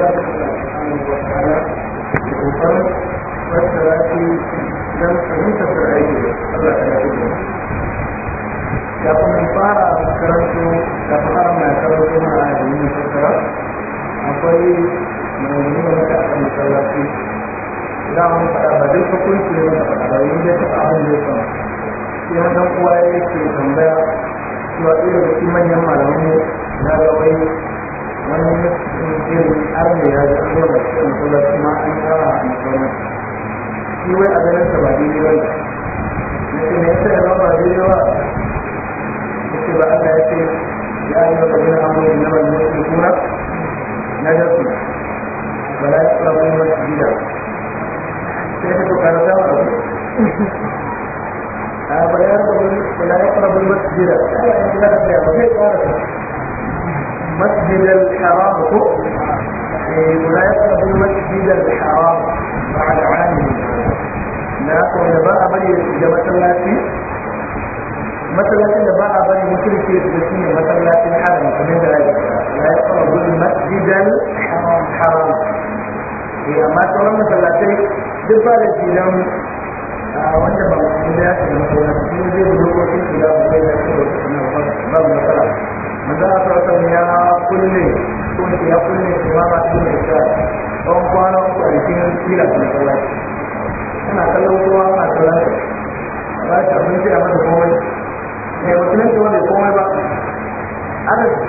kafin fara karanto da fara mai karanto mana da yin shekara akwai mai da maka a masallaci da mun faɗa ba duk hukunci ne maka faɗa ba da taɓa abin da ya sama shi na ya ce tambaya cewa ɗaya da shi manyan malamai na gawai wani irin arna ya ji an yawa cikin kula, kuma an yawa a masallaci shi wai a ganin sa ba daidai ba na ce mai sai ba daidai ba ya ce ba Allah ya ce ya yi wa kajin amurin na mai mutum na dasu ba la ya tsara kuma masu gida sai ka tukar da wa abu ba la ya tsara kuma masu gida ya yi wa kajin amurin na mai mutum kuna مسجد الحرام ولا يطلب المسجد الحرام مع عام لا يطلب أبلي جمع ثلاثي مثلا إن باع بني مشرك يتبسين مثلا في لا يطلب المسجد الحرام حرام هي ما ترى مثلا في دفال الجنم آه، وانت بقى مسجدات المسجدات za a saukan ya kulle kun ya kulle imama ɗin da ita don kwana uku a da matsala ana kallon kowa ana kallon ta ba ta abinci a mata komai mai musulunci wanda komai ba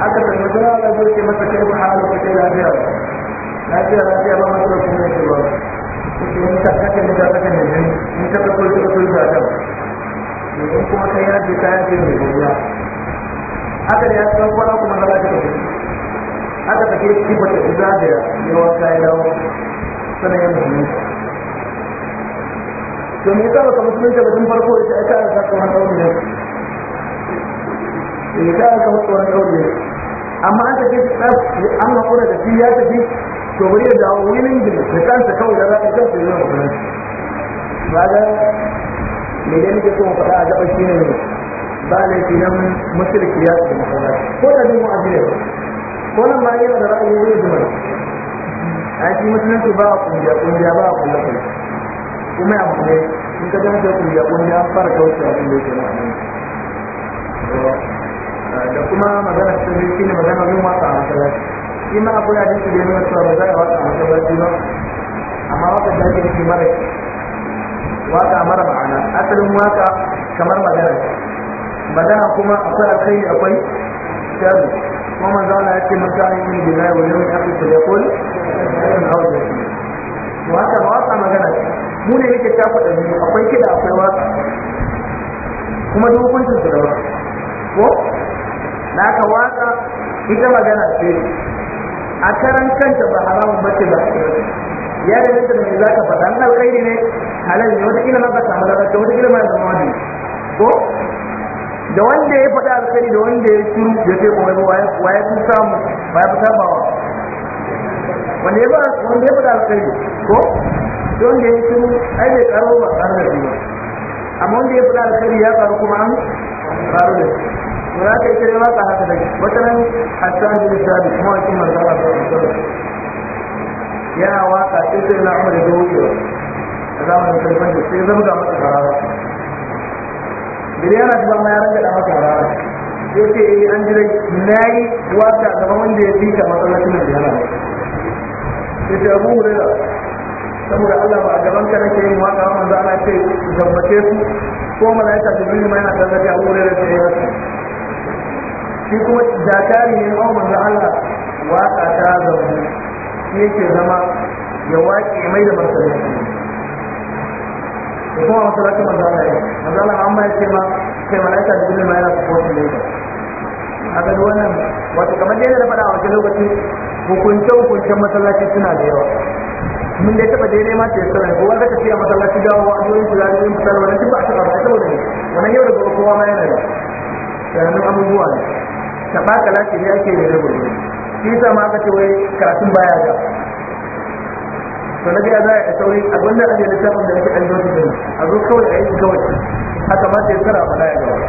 aka sanya jira da zurke masa kai ba har lokacin lafiya lafiya lafiya ba masu rasu ne ke ba kuma in ta kake ne ne in ta kakul ta kakul ta ta in kuma kai yaji ta yaji mai gobiya haka da ya san kwana kuma ta lafiya haka take kifa ta izadiya ya wanka ya dawo sanan ya musulunta to me yasa baka musulunta ba tun farko ya ce aka yi zaka wani ɗauri ne Me ya ka aka mutu wani ɗauri ne amma an tafi an haƙura da shi ya tafi to bari ya dawo wilin da kansa kawai da za ka kansa ya zama musulunci ba da me dai nake so mu faɗa a gaba shi ne ne ba laifi nan musulki ya su masallaci ko da bin mu'azi ne ko nan ma yana da ra'ayi ne da mai a shi musulunci ba a kungiya kungiya ba a kungiya kungiya kuma ya mutu ne in ka gama sai kungiya kungiya an fara kauce a kungiya ke nan da kuma magana sirri shi ne magana yin waka a masallaci shi ma akwai hadisi da ya nuna cewa ba za a waka a masallaci ba amma waka da ake da shi mara waka mara ma'ana asalin waka kamar magana magana kuma akwai alkhairi akwai sharri kuma manzo Allah ya ce man kana da billahi wa yawmil akhir fa yaqul an hawda to haka ba wasa magana mu ne yake ta faɗa biyu akwai kida akwai wasa kuma duk hukuncin su da wasa ko na ka wasa ita magana ce a karan kanta ba haramun bace ba ya da nake da za ka faɗa an alkhairi ne halal ne wata kila ma ba ta halal ba wata kila ma zama wani ko da wanda ya faɗi alkhairi da wanda ya shiru ya ce kuma ba ya fi samu waye fi sabawa wanda ya wanda ya faɗi alkhairi ko da wanda ya shiru ai bai karo ba karo da ba amma wanda ya faɗi alkhairi ya karu kuma an karo da shi to za ka yi kare waka haka da wata nan a hassan bin sabi kuma wacin manzara ba su karo yana waka sai sai na umar da wucewa a zamanin karfan da sai zama ga masa farawa da yana ji ma ya ranga da maka rara sai ce eh an jira nayi waka gaban wanda ya fika masallacin da yana sai ce abu hurera saboda Allah ba a gaban ka nake yin waka wa manzo Allah ce zambace su ko malaika jibril ma yana tsaye abu hurera ce ya shi kuma jakari ne ma manzo Allah waka ta zambu yake zama ya waƙe mai da martaba kuma wasu raka maza Allah ya maza Allah an ma ya ce ma kai malaika da bilin ma yana supporting ne a ga wannan wato kamar da na faɗa a wajen lokaci hukunce hukuncen masallaci suna da yawa mun da taɓa daidai ma ce sanar ko wanda ka ce a masallaci dawo a yoyin kula da yin fitar wannan duk ba a taba ba saboda ne wannan yau da gobe kowa ma yana da sanannun abubuwa ne ta ba kalashi ne ake da gobe shi yasa ma aka ce wai karatun baya ga to za a sauri a gwanda a jere samun da nake an zo su a zo kawai a yi kawai haka ma sai tsara ba ya gaba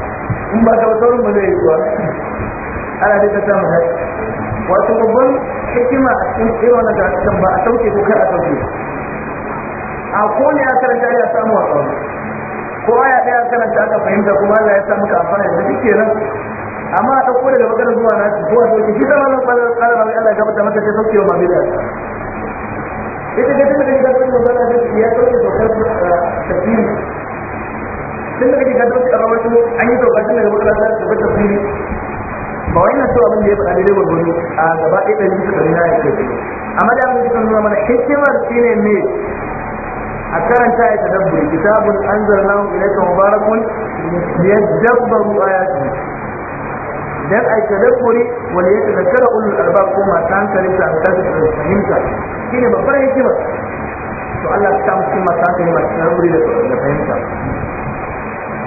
in ba ta saurin ba zai yi kuwa ana dai ta samun haka wato babban hikima a cikin irin wannan karatukan ba a sauke ko kar a sauke a ko ne karanta ya samu a ko ɗaya karanta aka fahimta kuma Allah ya samu ka amfana da duk kenan amma a ɗauko daga bakar zuwa na ko a sauke shi sama zan kwalar kwalar Allah ya gabata mata sai sauke wa da ita ga tunda kake gaban manzon Allah sai ya dauke dokar tafsiri tunda kake gaban shi a rawaito an yi dokar tunda gaban Allah sai ta tafsiri ba wai na so abin da ya faɗa daidai gwargwado a gaba ɗaya ɗari bisa ɗari na ya kai amma da abin da kan nuna mana hikimar shine me a karanta ya tadabburi kitabun anzalnahu ilayka mubarakun liyadabbaru ayatihi dan a tadabburi wal yatadakkara ulul albab kuma tan kalin ta ta fahimta shine babbar hikimar to Allah ya samu cikin masu hankali masu tsaruri da da fahimta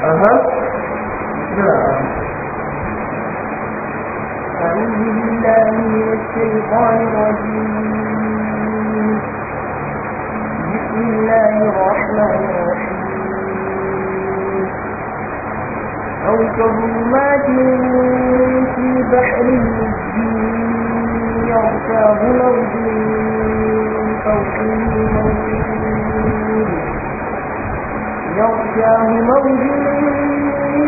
aha ina أعوذ بالله من الشيطان الرجيم بسم الله الرحمن الرحيم أو كظلمات في بحر الدين يغشاه موج من فوقه موج يغشاه موج من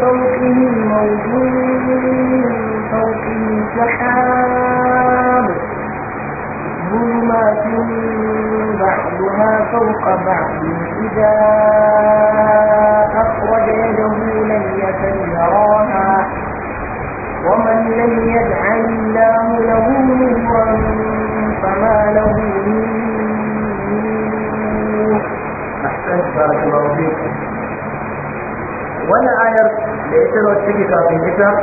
فوقه موج من فوقه سحاب ظلمات بعضها فوق بعض إذا أخرج يده لم يكن يراها ومن لم يجعل الله له نورا فما له أحسنت بارك الله فيك ولا عير لإثر الشركة في كتاب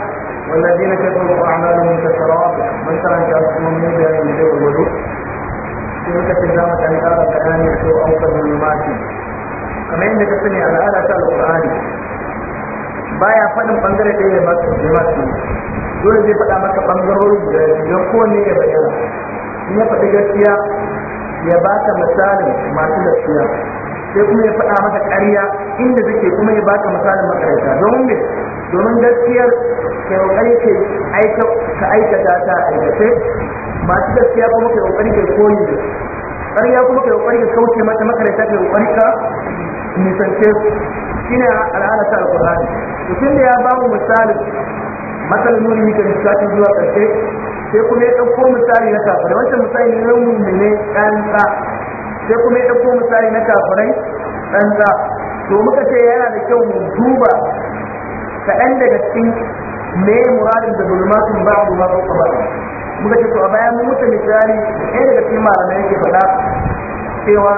والذين كفروا أعمالهم كسراب من ترى أنت أصلا من يجعل المجيء والوجود شركة الزامة عن ترى كأن يسوء أوصى بالمماتي كما عندك سنة الآلة القرآن baya faɗin bangare ɗaya ya masu ya masu dole zai faɗa maka bangarori da don kowanne ya bayyana in ya faɗi gaskiya ya baka misalin masu gaskiya sai kuma ya faɗa maka ƙarya inda take kuma ya baka misalin makaranta don me domin gaskiyar ka kokari ka aikata ta aikace masu gaskiya kuma ka kokari ka koyi da ƙarya kuma ka kokari ka kauce mata makaranta ka kokari ka nisance shine al'ada ta alqur'ani to da ya ba mu misali masalan ne da misali zuwa karshe sai kuma ya dauko misali na kafirai wancan misali ne mu ne dan tsa sai kuma ya dauko misali na kafirai dan to muka ce yana da kyau mu duba kaɗan daga cikin me muradin da zulmatun ba ba ko ba muka ce to a bayan mun mutu misali ɗaya daga cikin malamai yake faɗa cewa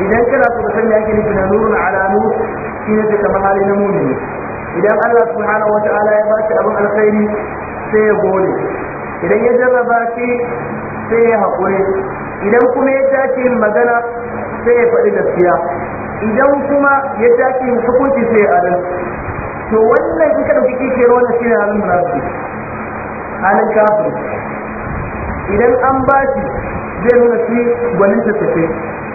idan kana so ka san me ake nufi na nurun ala nur shine ka kamar hali na ne idan Allah subhanahu wataala ya bashi abin alkhairi sai ya gode idan ya jarraba ki sai ya haƙuri idan kuma ya tashi yin magana sai ya faɗi gaskiya idan kuma ya tashi yin hukunci sai ya adal to wannan in ka ɗauki kishiyar wannan shine halin munafiki halin kafiri idan an bashi zai nuna shi gwanin tattafe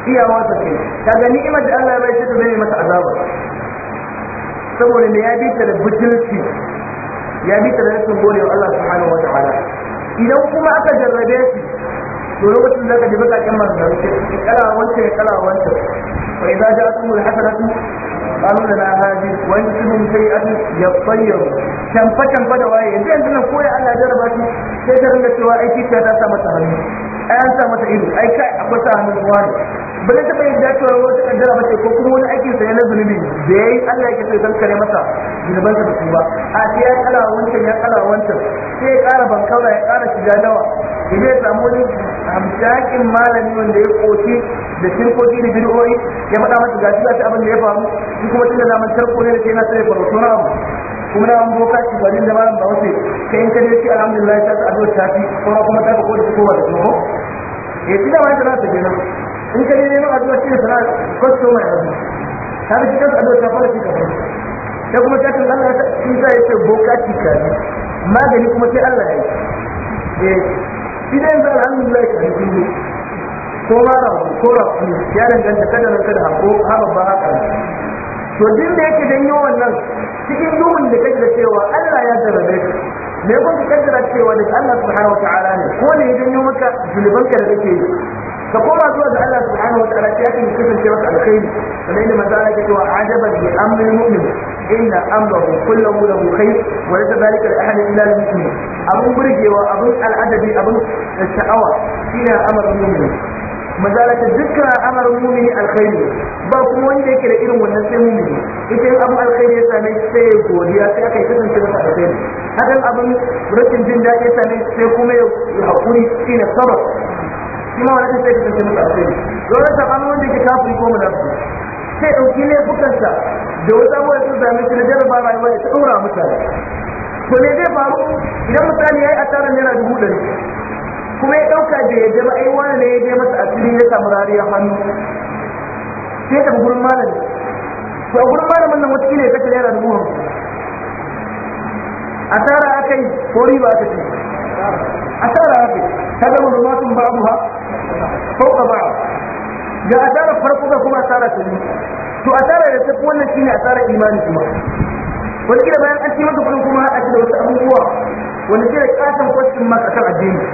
iyawa ta ce kaga ni'imar da Allah ya bai shi ta zai masa azaba saboda me ya bi ta da butulci ya bi ta da rashin gode wa Allah subhanahu wa ta'ala idan kuma aka jarrabe shi to lokacin da ka ji baka kin manzo sai kala wanda ya kala wanda fa idza ja'atum al-hasanatu qalu lana hadi wa antum shay'an yatayyar kan fatan fada waye yanzu yanzu nan koyi Allah jarraba shi sai ta ringa cewa aiki ta ta sa mata hannu ai an sa mata ido ai kai akwai sa hannun wani ba zai taɓa yadda cewa wata kaddara ba ce ko kuma wani aikin sa na zunubi da ya yi Allah ya ke sai kankare masa zunubansa da su ba a ce ya kala wancan ya kala wancan sai ya ƙara bankaura ya ƙara shiga dawa ya zai samu wani hamshakin malami wanda ya koci da shirkoki da bid'o'i ya faɗa masa gashi gashi abin da ya faru shi kuma da zaman tarko ne da ke na sai ya faru sauran abu kuma na boka shi ba da malam ba wasu sai in kaje shi alhamdulillah ta addu'a ta fi kuma kuma ta ko eh, da kowa da kowa eh kida ma ta na ta kenan in ka ne neman addu'a shi ne sana'ar kwasto mai abu ta bi cikin addu'a ta fara cikin kai ta kuma ta tun Allah shi sa ya ce boka cika ne magani kuma sai Allah ya yi eh, shi da yanzu alhamdulillah ya kan kulle ko ma rabu ko rabu ya danganta kada nan kada hako haba ba haka to din da yake dan yawan nan cikin duhun da kake da cewa Allah ya zarrabe ka me kun kaddara cewa da Allah subhanahu wa ta'ala ne ko ne ya janyo maka zulubanka da kake yi ka koma zuwa ga Allah subhanahu wa ta'ala ya kan kasance maka alkhairi kamar yadda manzo Allah ke cewa ajaban li amril mu'min inna amrahu kullahu lahu khair wa laysa dhalika li ahadin illa lil mu'min abun burgewa abun al'adabi abun sha'awa shine al'amarin mu'min mazalata dukkan al'amarin mumini alkhairi ba kuma wanda yake da irin wannan sai mumini ita yin abu alkhairi ya same sai ya godiya sai aka yi kasance masa alkhairi hakan abin rashin jin daɗi ya same sai kuma ya haƙuri shine sabar shi ma wani sai kasance masa alkhairi dole sabanin wanda ke kafiri ko munafiki sai dauki laifukansa da wata abubuwa sun zame shi na jarraba rayuwa ya ta ɗora mutane to me zai faru idan misali ya yi asarar naira dubu ɗari kuma ya ɗauka da ya jama ai wani ne ya je masa asiri ya samu rariya hannu sai tafi gurin malami to a gurin malamin nan wata ne kashe naira dubu hamsin asara aka yi ko riba aka ce asara aka yi ta ga mulumatun babu ha fauka ba ga asarar farko ga kuma asara ta to asara da tafi wannan shine asarar imani kuma wani kila bayan an ci maka kudin kuma haɗa shi da wasu abubuwa wani kira da kasan kwastin maka kan addini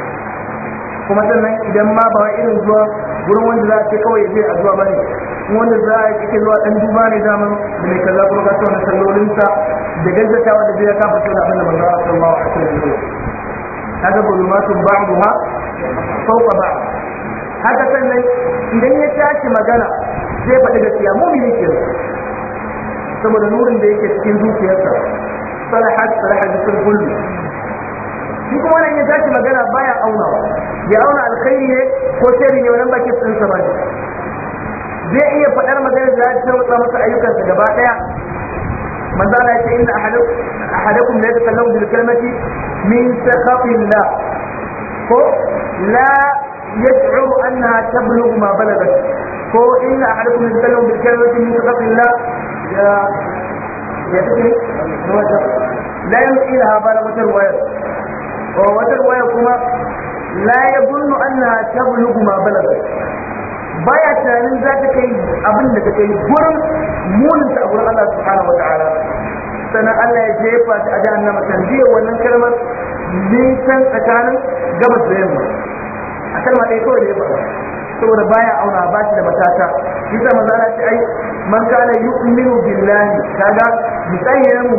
kuma sannan idan ma ba irin zuwa wurin wanda za a ce kawai zai a zuwa bane wanda za a yi zuwa dan duba ne zaman da mai kalla kuma ka tsawon sallolinsa da gaggatawa da zai kafa suna abin da a Allah a alaihi wasallam kaga bulumatun haka sannan idan ya tashi magana zai faɗi gaskiya mumini ke saboda nurin da yake cikin zuciyarsa salahat salahat bisul kullu shi kuma nan ya tashi magana baya auna ya auna alkhairi ne ko sharri ne wannan bakin sun sa bane zai iya faɗar magana da za ta tsawo masa ayyukansa gaba daya manzo Allah ya ce inna ahadakum la yatakallamu bil kalimati min sakhatillah ko la يشعر أنها تبلغ ما بلغت فهو إن أحدكم يتكلم بالكلمة من سخط الله لا يمشي لها بلغة الرواية وترواية كما لا يظن أنها تبلغ ما بلغت baya tunanin za ta kai abin da ta kai gurin muninta a gurin Allah subhanahu wa ta'ala sannan Allah ya jefa ta a jahannama sanadiyar wannan kalmar nisan tsakanin gabas da yamma a kalma ɗaya kawai da ya faɗa saboda baya auna ba shi da matata yasa maza na ce ai man kana yu'minu billahi kaga misali na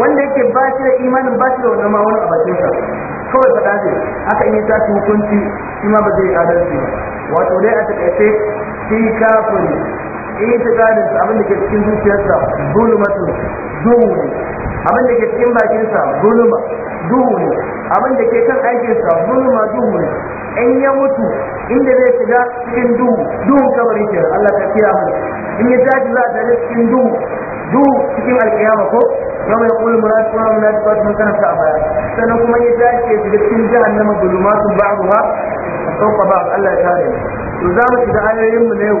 wanda yake ba shi da imanin ba shi da wanda ma wani abacin sa kawai faɗa ne haka in ta tashi hukunci shi ma ba zai adalci ba wato dai a taƙaice shi kafin itikadin sa abin da ke cikin zuciyarsa zulumatu duhu ne abin da ke cikin bakinsa zuluma duhu ne abin da ke kan aikinsa zuluma duhu ne in ya mutu inda zai shiga cikin duhu duhu kabari ke Allah ka kiya mu in ya tashi za a tare cikin duhu duhu cikin alkiyama ko yawma yaqulu munafiqun wa munafiqat mun kana ta baya sannan kuma ya tashi ya shiga cikin jahannama zulumatun ba'daha fawqa ba, Allah ya kare mu to za mu shiga ayoyin mu na yau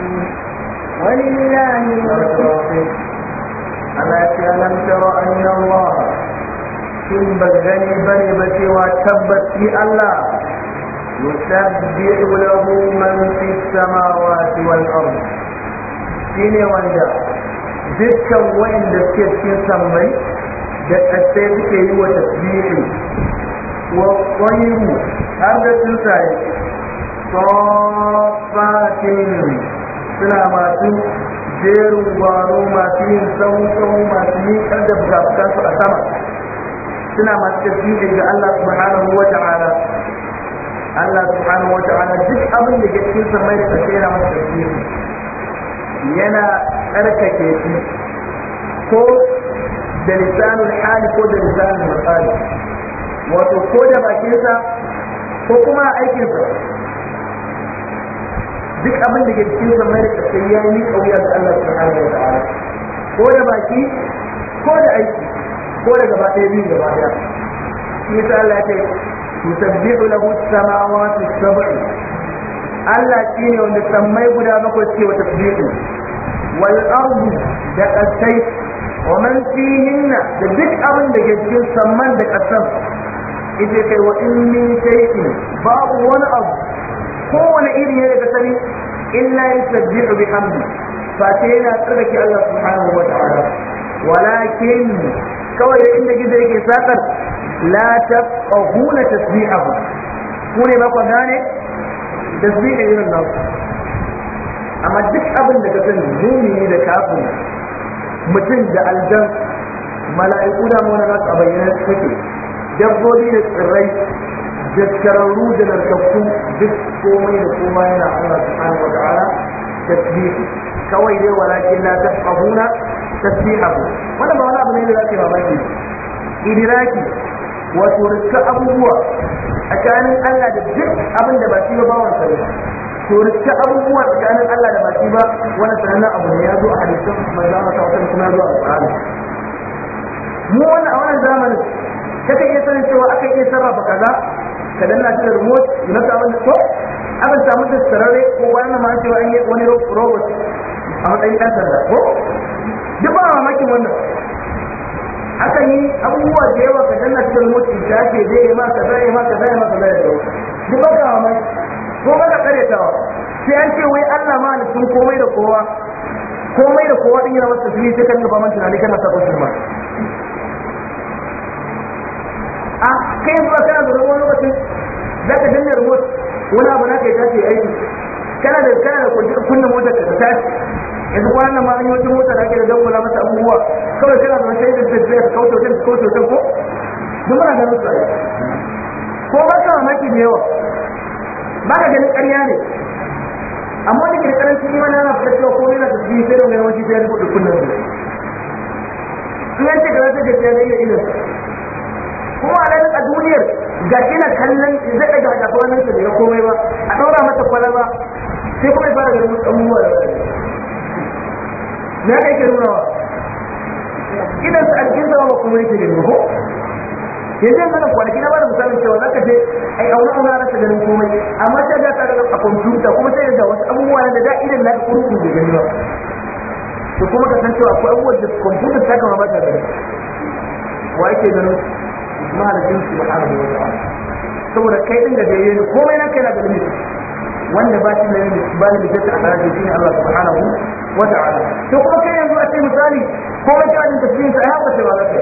ولله ألا ألم تر أن الله ثم بغني بني بتي وتبت في الله يسبح له من في السماوات والأرض shine wanda dukkan wa'inda suke cikin sammai da ƙasai suke yi wa tasbihi wa ƙwayiru har da tsuntsaye suna masu jerin gwaro masu yin tsawon tsawon masu miƙar da fuka su a sama suna masu tasiri da Allah subhanahu wa ta'ala Allah subhanahu wa ta'ala duk abin da ke cikin samai da kashe yana masa tasiri yana tsarkake shi ko da lisanul hali ko da lisanul matsali wato ko da bakinsa ko kuma aikinsa duk abin da ke cikin samai da kasai ya yi kauya da Allah subhanahu wa ta'ala ko da baki ko da aiki ko da gaba ɗaya biyu gaba ɗaya shi Allah ya ce tusabbihu lahu as-samawati as-sab'u Allah shi ne wanda samai guda bakwai suke wa tasbihu wal ardu da kasai wa man fihinna da duk abin da ke cikin samman da kasan ita kai wa in min shay'in babu wani abu kowane iri ne daga sani illa yusabbihu bihamdi fa sai yana tsarkake Allah subhanahu wa ta'ala walakin kawai inda gizo yake sakar la tafqahuna tasbihahu ku ne ba ku gane tasbihin irin nasu amma duk abin da ka sani mumini da kafin mutum da aljan mala'iku da mu za su a bayyana take dabbobi da tsirrai daskararru da narkakku duk komai da komai yana Allah subhanahu wa ta'ala tasbih kawai dai walakin la tafqahuna tasbihahu wannan ba wani abu ne da zaka mamaki idiraki wato rika abubuwa tsakanin Allah da duk abin da ba shi ba bawan sa to rika abubuwa tsakanin Allah da ba shi ba wannan sanannen abu ne ya zo a hadisin manzo Allah ta wata kuma ya a Qur'ani mu wannan a wannan zamanin kake iya sanin cewa aka iya sarrafa kaza ka danna shi da remote na samu da ko aka samu da sarare ko wani ma cewa an yi wani robot a matsayin ɗan sanda ko duk ba mamakin wannan akan yi abubuwa da yawa ka danna shi da remote in ta ce zai yi ma ka ya ma ka ya ma kaza ya zo duk ba ka mamaki ko ba ka karyatawa sai an ce wai Allah ma ni sun komai da kowa komai da kowa din yana masa fili sai kan gaba man tunani kana sa ko shirma a kai zuwa ba kana da wani lokacin za ka danna remote wani abu na kai tashi aiki kana da kana da kunna motar ka tashi yanzu kwanan nan ma an yi wata mota da ake da dangula mata abubuwa kawai kana da sai da tafiya su kauce wajen su kauce wajen ko duk muna ganin su ko ba ka mamaki da yawa ba ka ganin ƙarya ne amma da kirkirar sun yi wani ana fitar cewa komai na tafi sai da wani yawanci ta yi rubuta kunnan su in yanci da wata da ta yi iya kuma a nan duniyar ga ina kallon zai ɗaga a kasuwannin sa da komai ba a ɗaura mata kwalaba sai kuma ya fara ganin abubuwa da na aiki nunawa idan su alkin zama ba kuma yake ganin ko yanzu yanzu nan kwanaki na da misalin cewa za ka je a yi auna auna rasa ganin komai amma sai ga ta ga a kwamfuta kuma sai ga wasu abubuwa da da idan na kuma da gani ba to kuma ka san cewa akwai abubuwan da kwamfuta ta kama ba ta gani wa yake ganin malamin subhanahu wa ta'ala saboda kai din da gare ni komai nan kai na da limiti wanda ba shi da limiti ba ni da ta alaji shi ne Allah subhanahu wa ta'ala to kuma kai yanzu a ce misali komai ka din tafsirin sa ya bace ba zaka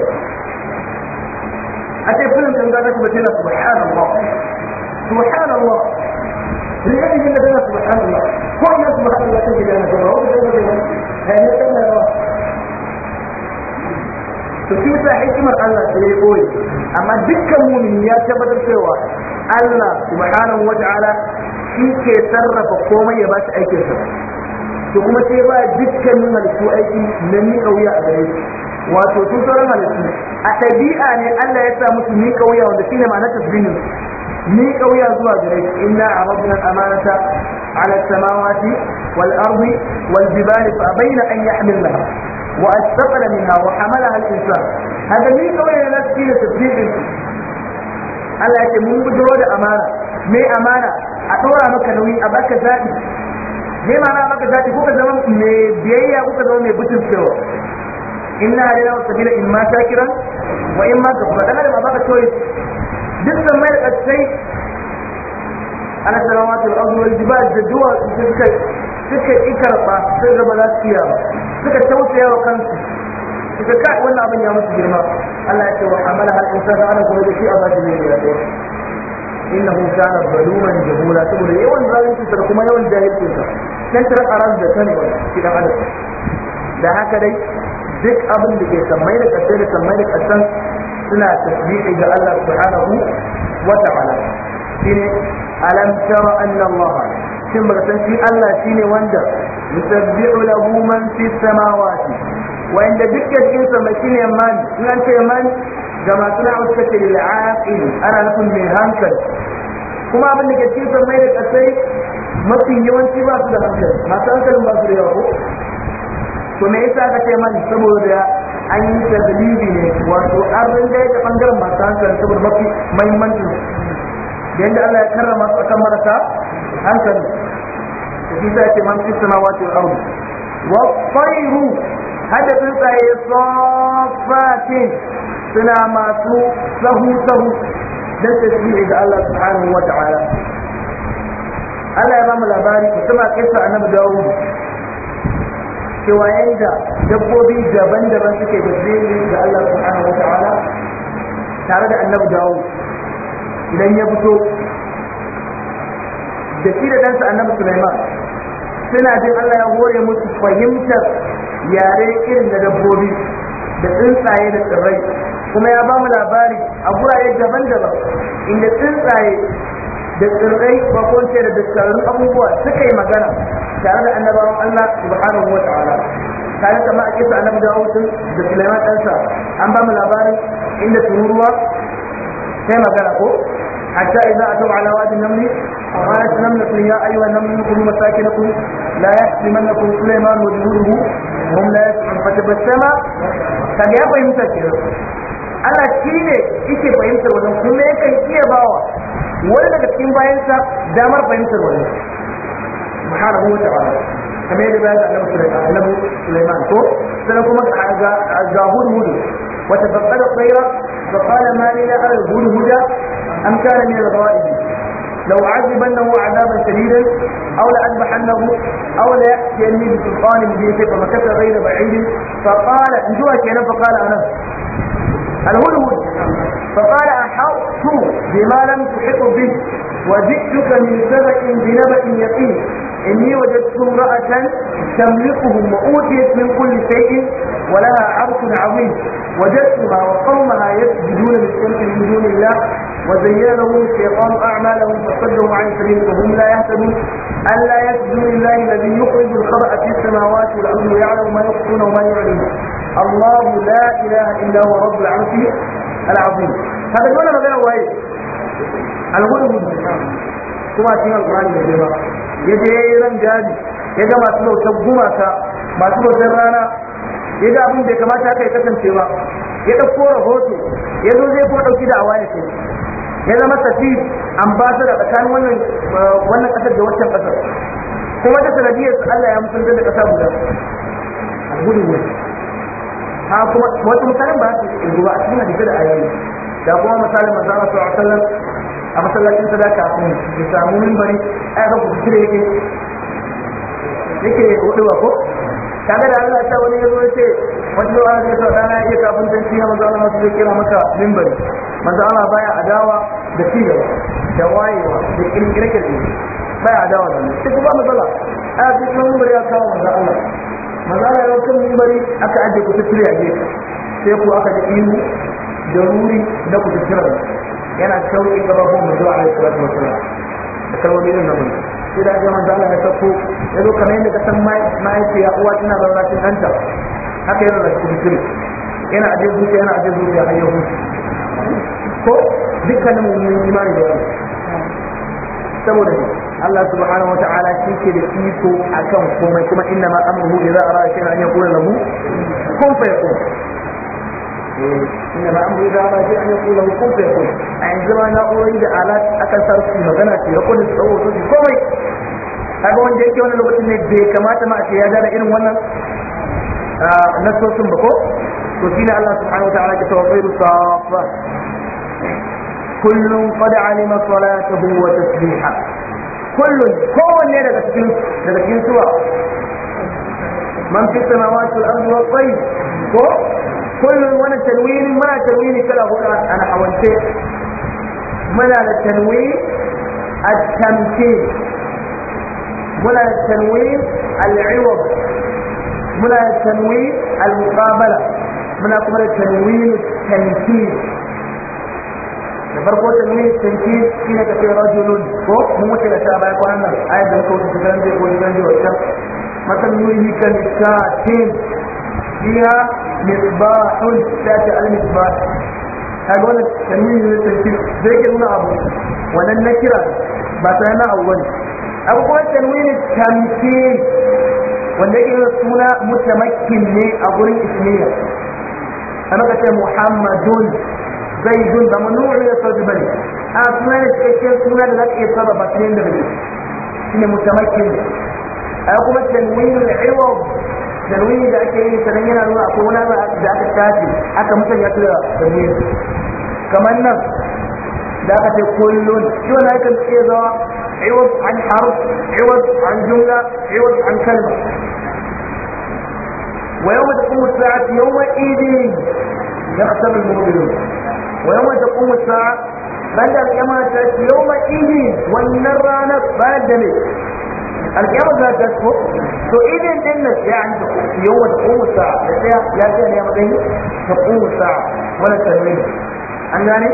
a ce kullum kan zaka ba tana subhanallah subhanallah لأن جل سبحان الله كل سبحان الله تجد أن تبعوه هل يتمنى to shi ta hikimar Allah ta ya koyi amma dukkan mumin ya tabbatar cewa Allah subhanahu wata'ala shi ke sarrafa komai ya ba shi aikin sa to kuma sai ba dukkanin halittu aiki na ni wuya a gare shi wato sun sauran halittu a ɗabi'a ne Allah ya sa musu miƙa wuya wanda shine ma'ana tasbihin miƙa wuya zuwa gare shi inna aradna amanata ala samawati wal ardi wal jibali fa abaina an yahmilnaha واستقل منها وحملها الانسان هذا ليه قوي الناس فيه تفريق Allah ya ce mun da amana me amana a ɗora maka nauyi a baka zaɓi me ma'ana baka zaɓi kuka zama mai biyayya kuka zama mai butun cewa inna halina wa sabila in ma shakira wa in ma kafura dan a baka choice duk san mai da kasai ana salawatu al-ardu wal sai za su iya ba suka tausaya wa kansu suka ka wannan abin ya musu girma Allah ya ce wa amala hal insanu ana kuma da shi a bashi ne ya dawo innahu kana zaluman jahula saboda yawan zalunci da kuma yawan jahilcin sa dan tara aran da sani shi dan adam da haka dai duk abin da ke sammai da kasai da sammai da kasan suna tasbihi ga Allah subhanahu wa ta'ala shine alam tara anna Allah shin baka san shi Allah shine wanda yusabbihu lahu man fi samawati wa inda dukkan cikin sama shine man in an ce man ga masu na'u lil aqil ana nufin mai hankali kuma abin da ke cikin sama da kasai mafi yawanci ba su da hankali masu hankalin ba su da yawa to me yasa ka ce man saboda an yi taglibi ne wato an rinjaye ta bangaren masu hankali saboda mafi mahimmancin da yadda Allah ya karrama su akan marasa hankali kisa sa ce man fi samawati wal ardi wa tayru hada sai safatin suna masu sahu sahu da tasbihi ga Allah subhanahu wa ta'ala Allah ya ba mu labari ku sama kisa annabi Dawud cewa yanda dabbobi daban-daban suke tasbihi ga Allah subhanahu wa ta'ala tare da annabi Dawud idan ya fito da shi da ɗansa annabi Sulaiman suna jin Allah ya hore musu fahimtar yare irin da dabbobi da tsuntsaye da tsirrai kuma ya ba mu labari a gurare daban-daban inda tsuntsaye da tsirrai ba ko da daskarun abubuwa suka yi magana tare da annabawan Allah subhanahu wa ta'ala kayan kama a kisa annabi Dawud da Sulaiman ɗansa an ba mu labarin inda tururuwa sai magana ko حتى إذا أتوا على وادي النمل قالت نملة يا أيها النمل كلوا مساكنكم لا يحسمنكم سليمان وجنوده هم لا يسمعون فتبسم كان يبقى يمتكر أنا كيف لك إيش يبقى يمتكر ولم كل يبقى يمتكر باوة ولم يبقى يمتكر دامر يبقى يمتكر ولم سبحانه هو تعالى كما يجب أن أعلم سليمان تو سنكم أعزاهون هدو وتفقد الطيرة فقال ما لي لا أعلم هدو أم كان من الغوائب لو عذبنه عذابا شديدا أو لأذبحنه أو ليأتيني بسلطان به فمكث غير بعيد فقال انجوها كينا فقال أنا الهدهد فقال أحط بما لم تحط به وجئتك من سبك بنبأ يقين إني وجدت امرأة تملكهم وأوتيت من كل شيء ولها عرش عظيم وجدتها وقومها يسجدون للشمس من دون الله وزين لهم الشيطان أعمالهم فصدهم عن سبيل فهم لا يهتدون ألا يسجدوا لله الذي يخرج الخبأ في السماوات والأرض ويعلم ما يخفون وما يعلمون الله لا إله إلا هو رب العرش al'azim haka wannan magana waye al-hudud kuma cikin alqur'ani ne ba yaje yayi ran gadi ya ga masu bautar gumaka masu bautar rana ya ga abin da kamata haka ya kasance ya ɗauko rahoto ya zo zai kuma ɗauki a ya ce ya zama safi ambasada tsakanin wannan wannan ƙasar da wancan ƙasar kuma ta sanadiyar Allah ya mutunta da ƙasa guda ha kuma wasu mutanen ba su yi ba a cikin hadisi da ayoyi da kuma misalin manzo Allah sallallahu alaihi wasallam a masallacin sadaka sun ya samu minbari ai ga ku kire yake yake huduwa ko kaga da Allah ta wani yazo yace wani zuwa ne to dana yake kafin tanci ya manzo Allah sai kira maka minbari manzo Allah baya adawa da cigaba da wayewa da kirkire-kirkire baya adawa da mu sai kuma matsala a cikin minbari ya kawo manzo Allah mazala yau kan mimbari aka ajiye ku kututturi a gefe sai ku aka da ihu da ruri na kututturan yana sauƙi gababon mu zuwa alaihi salatu wasalam da kalmomi irin na mun sai da ajiyar manzala ya sauko ya zo kamar yadda kasan mahaifiya uwa tana zaura cikin ɗanta haka yana da kututturi yana ajiyar zuciya yana ajiyar zuciya har ya hutu ko dukkanin mu mun imani da wani saboda Allah subhanahu wata'ala shi ke da iko akan komai kuma inna ma amruhu idza ara shay'an an lahu kun fayakun eh, inna ma amruhu idza ara shay'an lahu kun fayakun a yanzu ma na'urori da alat akan sarfi magana ce ya kodin tsawo su komai kaga wanda yake wannan lokacin ne bai kamata ma a ce ya gane irin wannan ah, nasosin ba ko to shine Allah subhanahu wata'ala ke tawaffiru safa كل قد علم صلاته وتسبيحه كل كون daga cikin daga cikin suwa man fi samawati wal كل وانا تنوين ما تنوين كلا هو انا حولت من التنوين التمكين من التنوين العوض من التنوين المقابله ملا التنوين التمكين farko tanwin tankin shine ka ce rajulun ko mun wuce da ta baya kwanan nan ayat da muka wuce ta je ko gidan je wacce matan yuhi kan shatin biya misbahun ta ce al misbah kaga wannan tanwin ne tankin zai ke nuna abu wannan nakira ba ta na abu bane abu kuma tanwin tankin wanda yake suna mutamakkin ne a gurin ismiya ana ka ce muhammadun زيد ده ممنوع لا يصل ببني أسنان الشيخ سنة لك إصابة بطنين ده بني شنو متمكن أقوم التنوين العوض تنوين ده أكي إيه سنين أنا أقول أنا ده أكي التاتي حتى ممكن يأكل تنوين كمان نفس ده أكي كل شو أنا أكي إيه عوض عن حرف عوض عن جملة عوض عن كلمة ويوم تقوم الساعة يومئذ يختم المؤمنون ويوم تقوم الساعة بعد القيامة يوم إذن والنرانة بعد القيامة لا تسفر فإذن دلت يعني يوم تقوم الساعة يا تهل يوم ذهي تقوم الساعة ولا تنوين أن يعني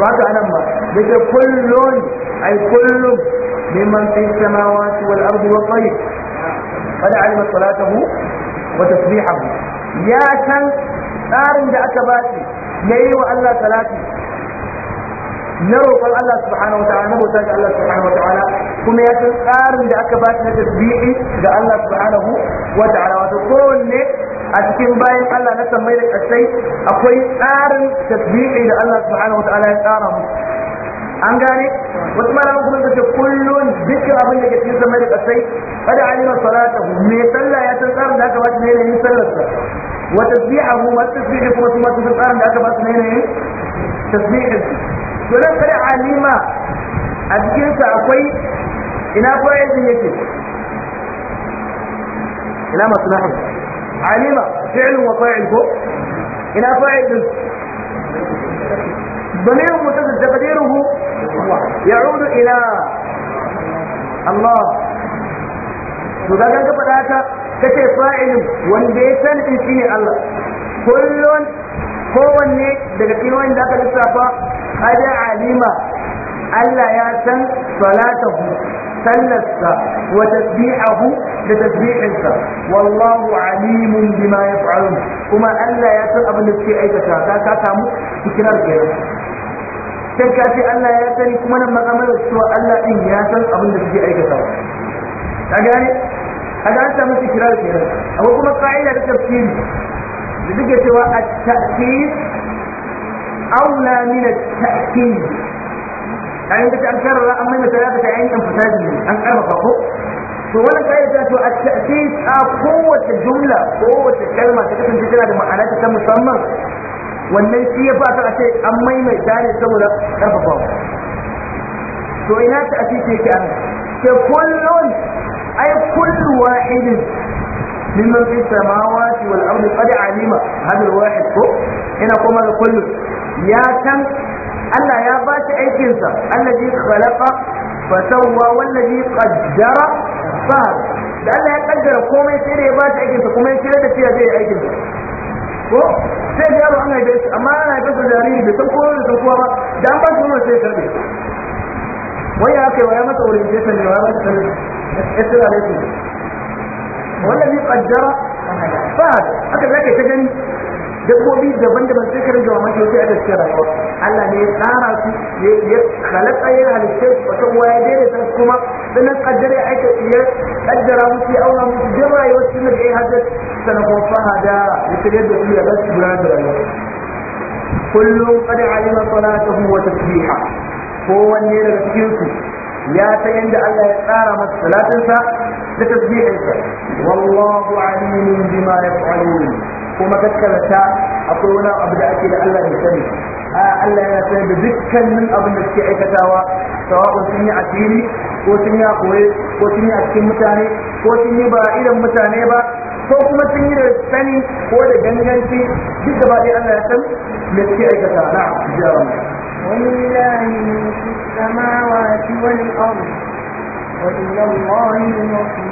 وهذا أنا ما ذلك كل أي كل ممن في السماوات والأرض والطيب قد علم صلاته وتسبيحه يا كان tsarin da aka ba shi ya yi wa Allah salati na roƙon Allah subhanahu wa ta'ala na bauta ga Allah subhanahu wa ta'ala kuma ya san tsarin da aka ba shi na tasbihi ga Allah subhanahu wa ta'ala wato kowanne a cikin bayan Allah na mai da kasai akwai tsarin tasbihi da Allah subhanahu wa ta'ala ya tsara mu an gane wasu malaman kuma ke kullun dukkan abin da ke cikin sammai da kasai kada alimar salatahu me sallah ya san tsarin da aka ba shi ne yin sallarsa wa tasbihahu wa tasbihi kuma su masu tsarin da aka ba su ne ne tasbihin to nan kada alima a cikinsa akwai ina fa'idin yake ina masu nahu alima fi'lun wa ko ina ضمير متصل تقديره يعود إلى الله to da ganka faɗa kace fa'ilin wanda ya san din shine Allah kullun kowanne daga cikin wanda aka lissafa ada alima Allah ya san salatahu sallarsa wa tasbihahu da tasbihinsa wallahu alimun bima yaf'alun kuma Allah ya san abin da suke aikata ka ka samu ikirar kenan sai ka ce Allah ya sani kuma nan makamar cewa Allah din ya san abin da suke aikata ka gane هذا أنت من تكرار كده أو كل قاعدة تفسير بدك سواء التأكيد أولى من التأكيد يعني أنت أنكر أمي مثلاً بتعين أنفسادي أنكر فقط فولا قاعدة سواء التأكيد آه، قوة الجملة قوة الكلمة تكتب من تكرار المعانات تم تصمر والنبي فيه فاتح أشياء أمي مثلاً سولا أنفسادي سوينات أتيتي كأمي كل ai kullu wahidin mimman fi samawati wal ardi qad alima hadal wahid ko ina kuma da kullu ya san Allah ya ba shi aikinsa allazi khalaqa fasawwa wallazi qaddara fa da Allah ya kaddara komai sai da ba shi aikinsa kuma ya ko sai da yaro an haife shi amma ana haife su jariri bai san kowa bai san kowa ba da an ba sai ya karbe wai ya kai wa ya masa orientation ne wa ya masa talaka اسرع لكي والذي قد جرى فهذا اكد لك تجني دكو بي دبن دبن تكر جوا ما جوتي على السرع على ليه قارا في ليه خلق ايه على السرع وتقوى يدير تنسكما لن تقدر ايك ايه قدر امسي اولا مجرى يوسمك ايه هذا سنقوم فهذا يتجد ايه بس برادر ايه كلهم قد علم صلاته وتسبيحه هو النيل الكيوتي ya ta yadda Allah ya tsara masa salatinsa da tasbihinsa wallahu alimun bima yaf'alun kuma kakkarata akwai wani abu da ake da Allah ya sani a Allah yana sanar da dukkanin abin da suke aikatawa sawa'un sun yi asiri ko sun yi koye ko sun yi a cikin mutane ko sun yi ba irin mutane ba ko kuma sun yi da sani ko da ganganci duk da ba Allah ya san me suke aikata na mu. ولله ملك السماوات والأرض وإلى الله المصير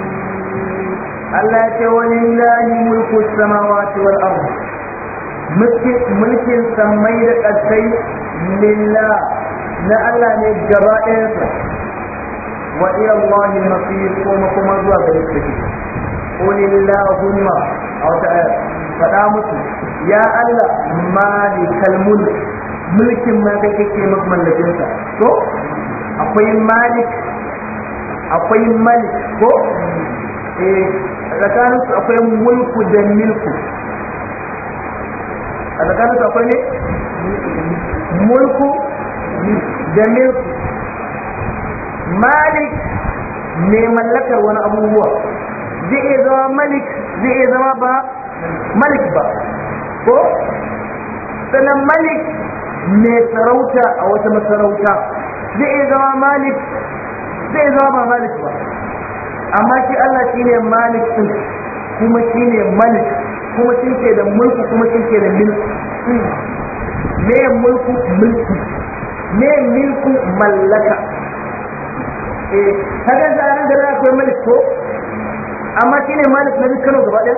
Allah ya ce wani lahi mulku samawati wal ardh mulkin sammai da ƙasai lillah na Allah ne gaba ɗayansa wa ila Allah al-masir kuma kuma zuwa ga musu ya Allah malikal mulk mulkin ma da kake mallakinsa to akwai malik akwai malik ko eh tsakaninsu akwai mulku da milku a tsakaninsu akwai ne mulku da milku malik mai mallakar wani abubuwa zai zama malik zai zama ba malik ba ko sannan malik mai sarauta a wata masarauta zai iya zama malik zai iya zama ba malik ba amma shi Allah shi ne malik sun kuma shi ne malik kuma shi ke da mulku kuma shi ke da milki, me mulku mulki me milku mallaka eh kaga da ran da kai malik ko amma shi ne malik na dukkan gaba ɗaya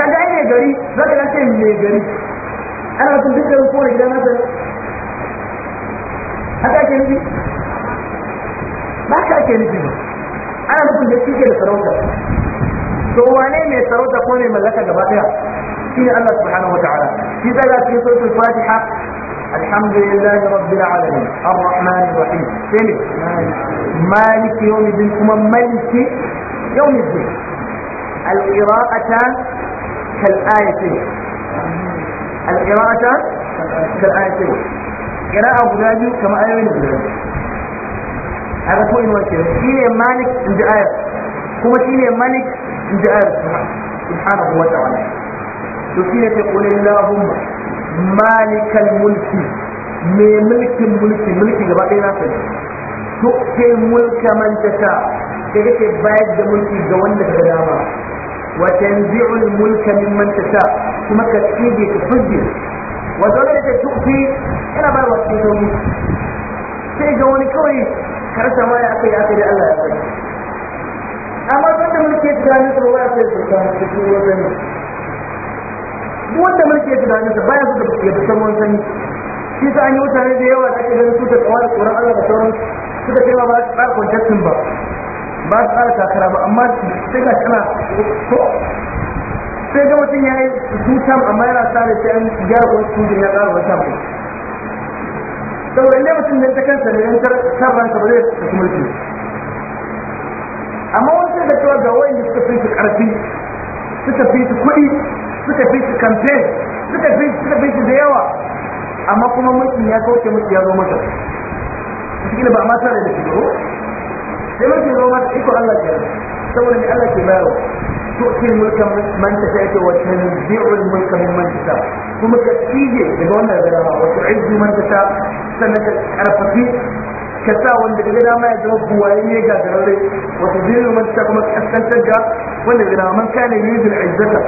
ka ga ne gari za ka ce me gari ana mutum duk garin kowane gida nasa haka ake nufi ba ka ake nufi ba ana mutum da shi ke da sarauta to wane mai sarauta ko mai mallaka gaba daya shi ne Allah subhanahu wa ta'ala shi zaga cikin sautul fatiha الحمد لله رب العالمين الرحمن الرحيم سمي مالك يوم الدين كما ملك يوم الدين القراءتان kal'ayatin alƙira'ata kal'ayatin ƙira'a guda biyu kama ayoyin guda biyu a ga ko'in wace shi ne malik in ji ayar kuma shi ne malik in ji ayar subhanahu wa ta'ala to shi ne ta ƙulin lahumma malikan mulki mai mulkin mulki mulki gaba ɗaya na mulka man tasha bayar da mulki ga wanda ka dama وتنزع الملك ممن تشاء كما كتيجي تفجي وزوجة تؤتي أنا ما وقتي تومي sai ga wani kawai karsa ma ya aka yi aka da Allah ya kai amma wanda mulki ya tunanin wanda mulki ya tunanin sa baya bayan suka ya da samun sani shi sa an yi mutane da yawa da ake ganin su da kawar tsoron Allah da sauran su da kai ba su tsara ba ba su tsara takara ba amma sai ga tana ko sai ga mutum ya yi su tutam amma yana tsara sai an gyara wani tutam ya tsara wani tamu saboda inda mutum da ta kansa da yantar sarransa ba zai su mulki amma wani sai da cewa ga wani suka fi su ƙarfi suka fi su kuɗi suka fi su kamfe suka fi suka fi su da yawa amma kuma mulkin ya kauce mulki ya zo masa cikin ba a ma tsara da shi ba لماذا يقول لك إيكو قالك يا رب تقول لي قالك يا بارو تؤتي الملكة من تشعيك وتنزيع الملكة من من تشعيك ثم تأتيجي لقولنا يا براها وتعز من تشعيك سنك أرفكي كتاو عندك غدا هناك يدرب بوائيه قادر لي وتزيل من تشعيك وما تحسن تجا ولي غدا من كان يريد العزة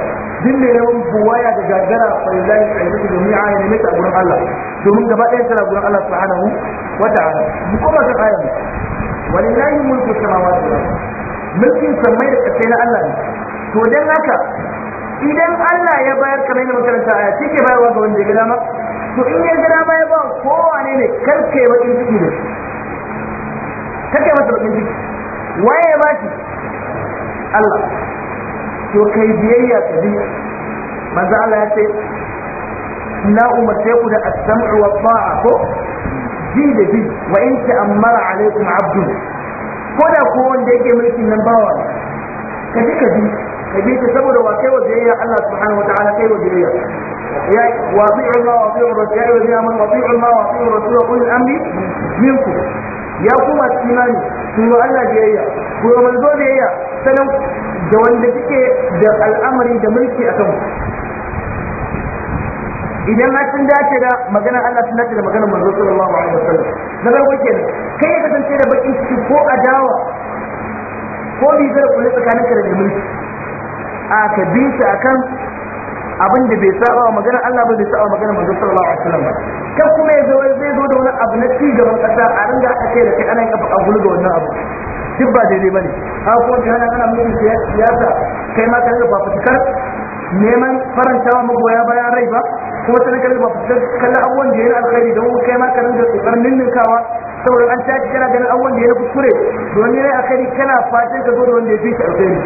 دلني ان بوايا تجادرة من عزتي جميعا يعني متى أقول الله ثم انت بقى انت لأقول الله سبحانه وتعالى بكل ما تقايمه walillahi mulku samawati wal mulkin sammai da kasai na Allah ne to dan haka idan Allah ya bayar ka da makaranta aya shi ke bayarwa ga wanda ya ga dama to in ya ga ma ya ba kowane ne karke bakin ciki da shi karke masa bakin ciki waye ya bashi Allah to kai biyayya ka bi manzo Allah ya ce na umarce ku da as-sam'u wa ta'a ko bi da bi wa in ta ta'ammara alaikum abdu ko da ko wanda yake mulkin nan bawa ka ji ka ji ka ji ta saboda wa kai wajiyayya Allah subhanahu wa ta'ala kai wajiyayya ya wasi'u Allah wasi'u rasul ya wajiyya man wasi'u Allah wasi'u rasul wa ulul amri minkum ya kuma imani kuma Allah biyayya kuma manzo biyayya sanan da wanda kike da al'amari da mulki akan ku idan na sun dace da magana Allah sun dace da maganar manzo sallallahu alaihi wasallam na farko kenan kai ya kasance da bakin ciki ko adawa ko bizar kullu tsakanin ka da mulki a ka bi shi akan abin da bai saba magana maganar Allah ba bai saba maganar manzo sallallahu alaihi wasallam kan kuma yazo zai zo da wani abu na ci gaban kasa a ringa aka kai da kai ana kafa a gulu da wannan abu duk ba daidai bane ha ko da hana kana mun siyasa kai ma ka da fafutukar neman faranta wa magoya bayan rai ba kuma sai kalli ba kalli abubuwan da ya na alkhairi da kuma kai ma ka rinka kokarin ninninkawa saboda an tashi kana ganin abubuwan da ya na kuskure domin ya alkhairi kana fatan ka zo da wanda ya fi shi alkhairi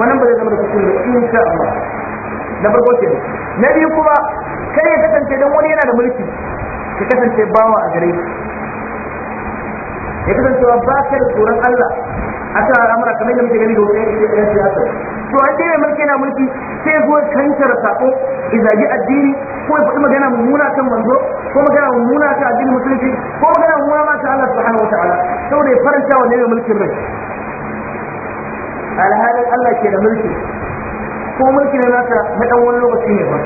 wannan ba zai zama da kuskure ba insha Allah na farko ke na biyu kuma kai ya kasance don wani yana da mulki ka kasance bawa a gare shi ya kasancewa ba ka da tsoron Allah a kan al'amura kamar da muke gani da wani yan siyasa to an dai mulki yana mulki sai zo kankara sako ji addini ko ya faɗi magana mummuna kan manzo ko magana mummuna kan addinin musulunci ko magana mummuna ma kan Allah subhanahu wataala saboda ya faranta wa ne mulkin rai alhalin Allah ke da mulki ko mulki ne nasa na dan wani lokaci ne ba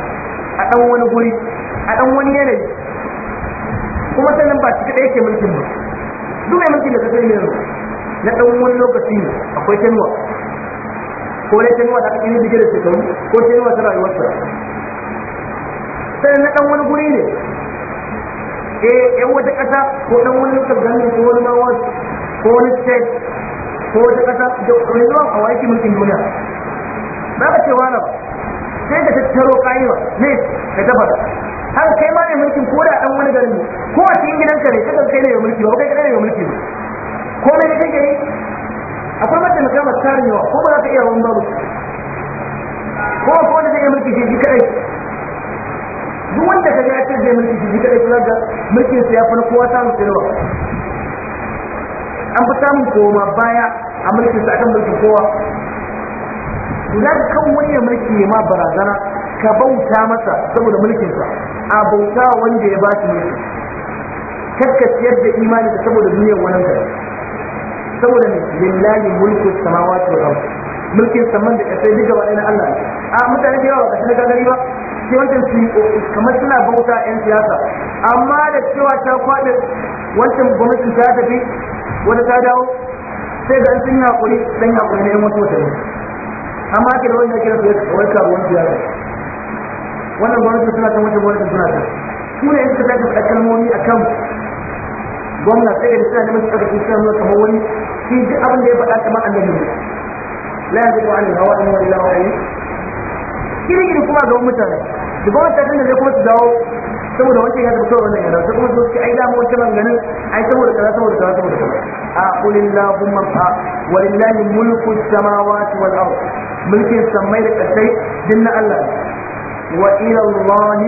a dan wani guri a dan wani yanayi kuma sannan ba shi kadai yake mulkin ba duk mai mulkin da ka sani ne na dan wani lokaci ne akwai tanwa ko ne kin wata kin dige da shekaru ko rayuwar ta sai na dan wani guri ne eh yan wata kasa ko dan wani sabgani ko wani mawa ko wani state ko wata kasa da wani zuwa a waiki mulkin duniya ba ka cewa na sai ka tattaro kayewa ne ka tabbata har kai ma ne mulkin ko da dan wani garin ne ko a cikin gidanka ne kakan kai ne mai mulki ba kai kai ne mai mulki ba ko ne kake yi akwai mataimaka masu tarin yawa ko ba za ta iya wani babu ko ko wanda zai iya mulki shi kadai duk wanda ka ya ce zai mulki shi kadai kuma ga mulkin sa ya fara kowa samun tsirwa an fi samun koma baya a mulkin sa akan mulkin kowa za ka kan wani ya mulki ya ma barazana ka bauta masa saboda mulkin sa a bauta wanda ya ba shi mulki kakkaciyar da imani saboda duniyar wani gari. saboda ne lillahi mulku samawati wal ard mulkin saman da kasai duk gaba ɗaya na Allah a mutane da yawa ba su daga gari ba sai wancan su e kamar suna bauta yan siyasa amma da cewa ta kwaɗe wancan gwamnatin ta tafi wanda ta dawo sai ga an sun yi hakuri dan hakuri ne wasu wata ne amma ake da wanda kira su wai karuwan siyasa wannan gwamnatin suna kan wata gwamnatin suna ta su ne ta tafi kalmomi akan gwamna sai da suna neman tsarki suna nuna kamar wani shi duk abin da ya faɗa kamar annabi ne la yanzu ko an hawa in wani lawa yi kirkiri kuma ga mutane da ba wata tun da zai kuma su dawo saboda wancan ya zama kawai wannan yana sai kuma su ce ai dama wancan maganganun ai saboda kaza saboda kaza saboda kaza a kulillahumma fa walillahi mulku samawati wal ard mulkin samai da kasai dinna Allah wa ila Allah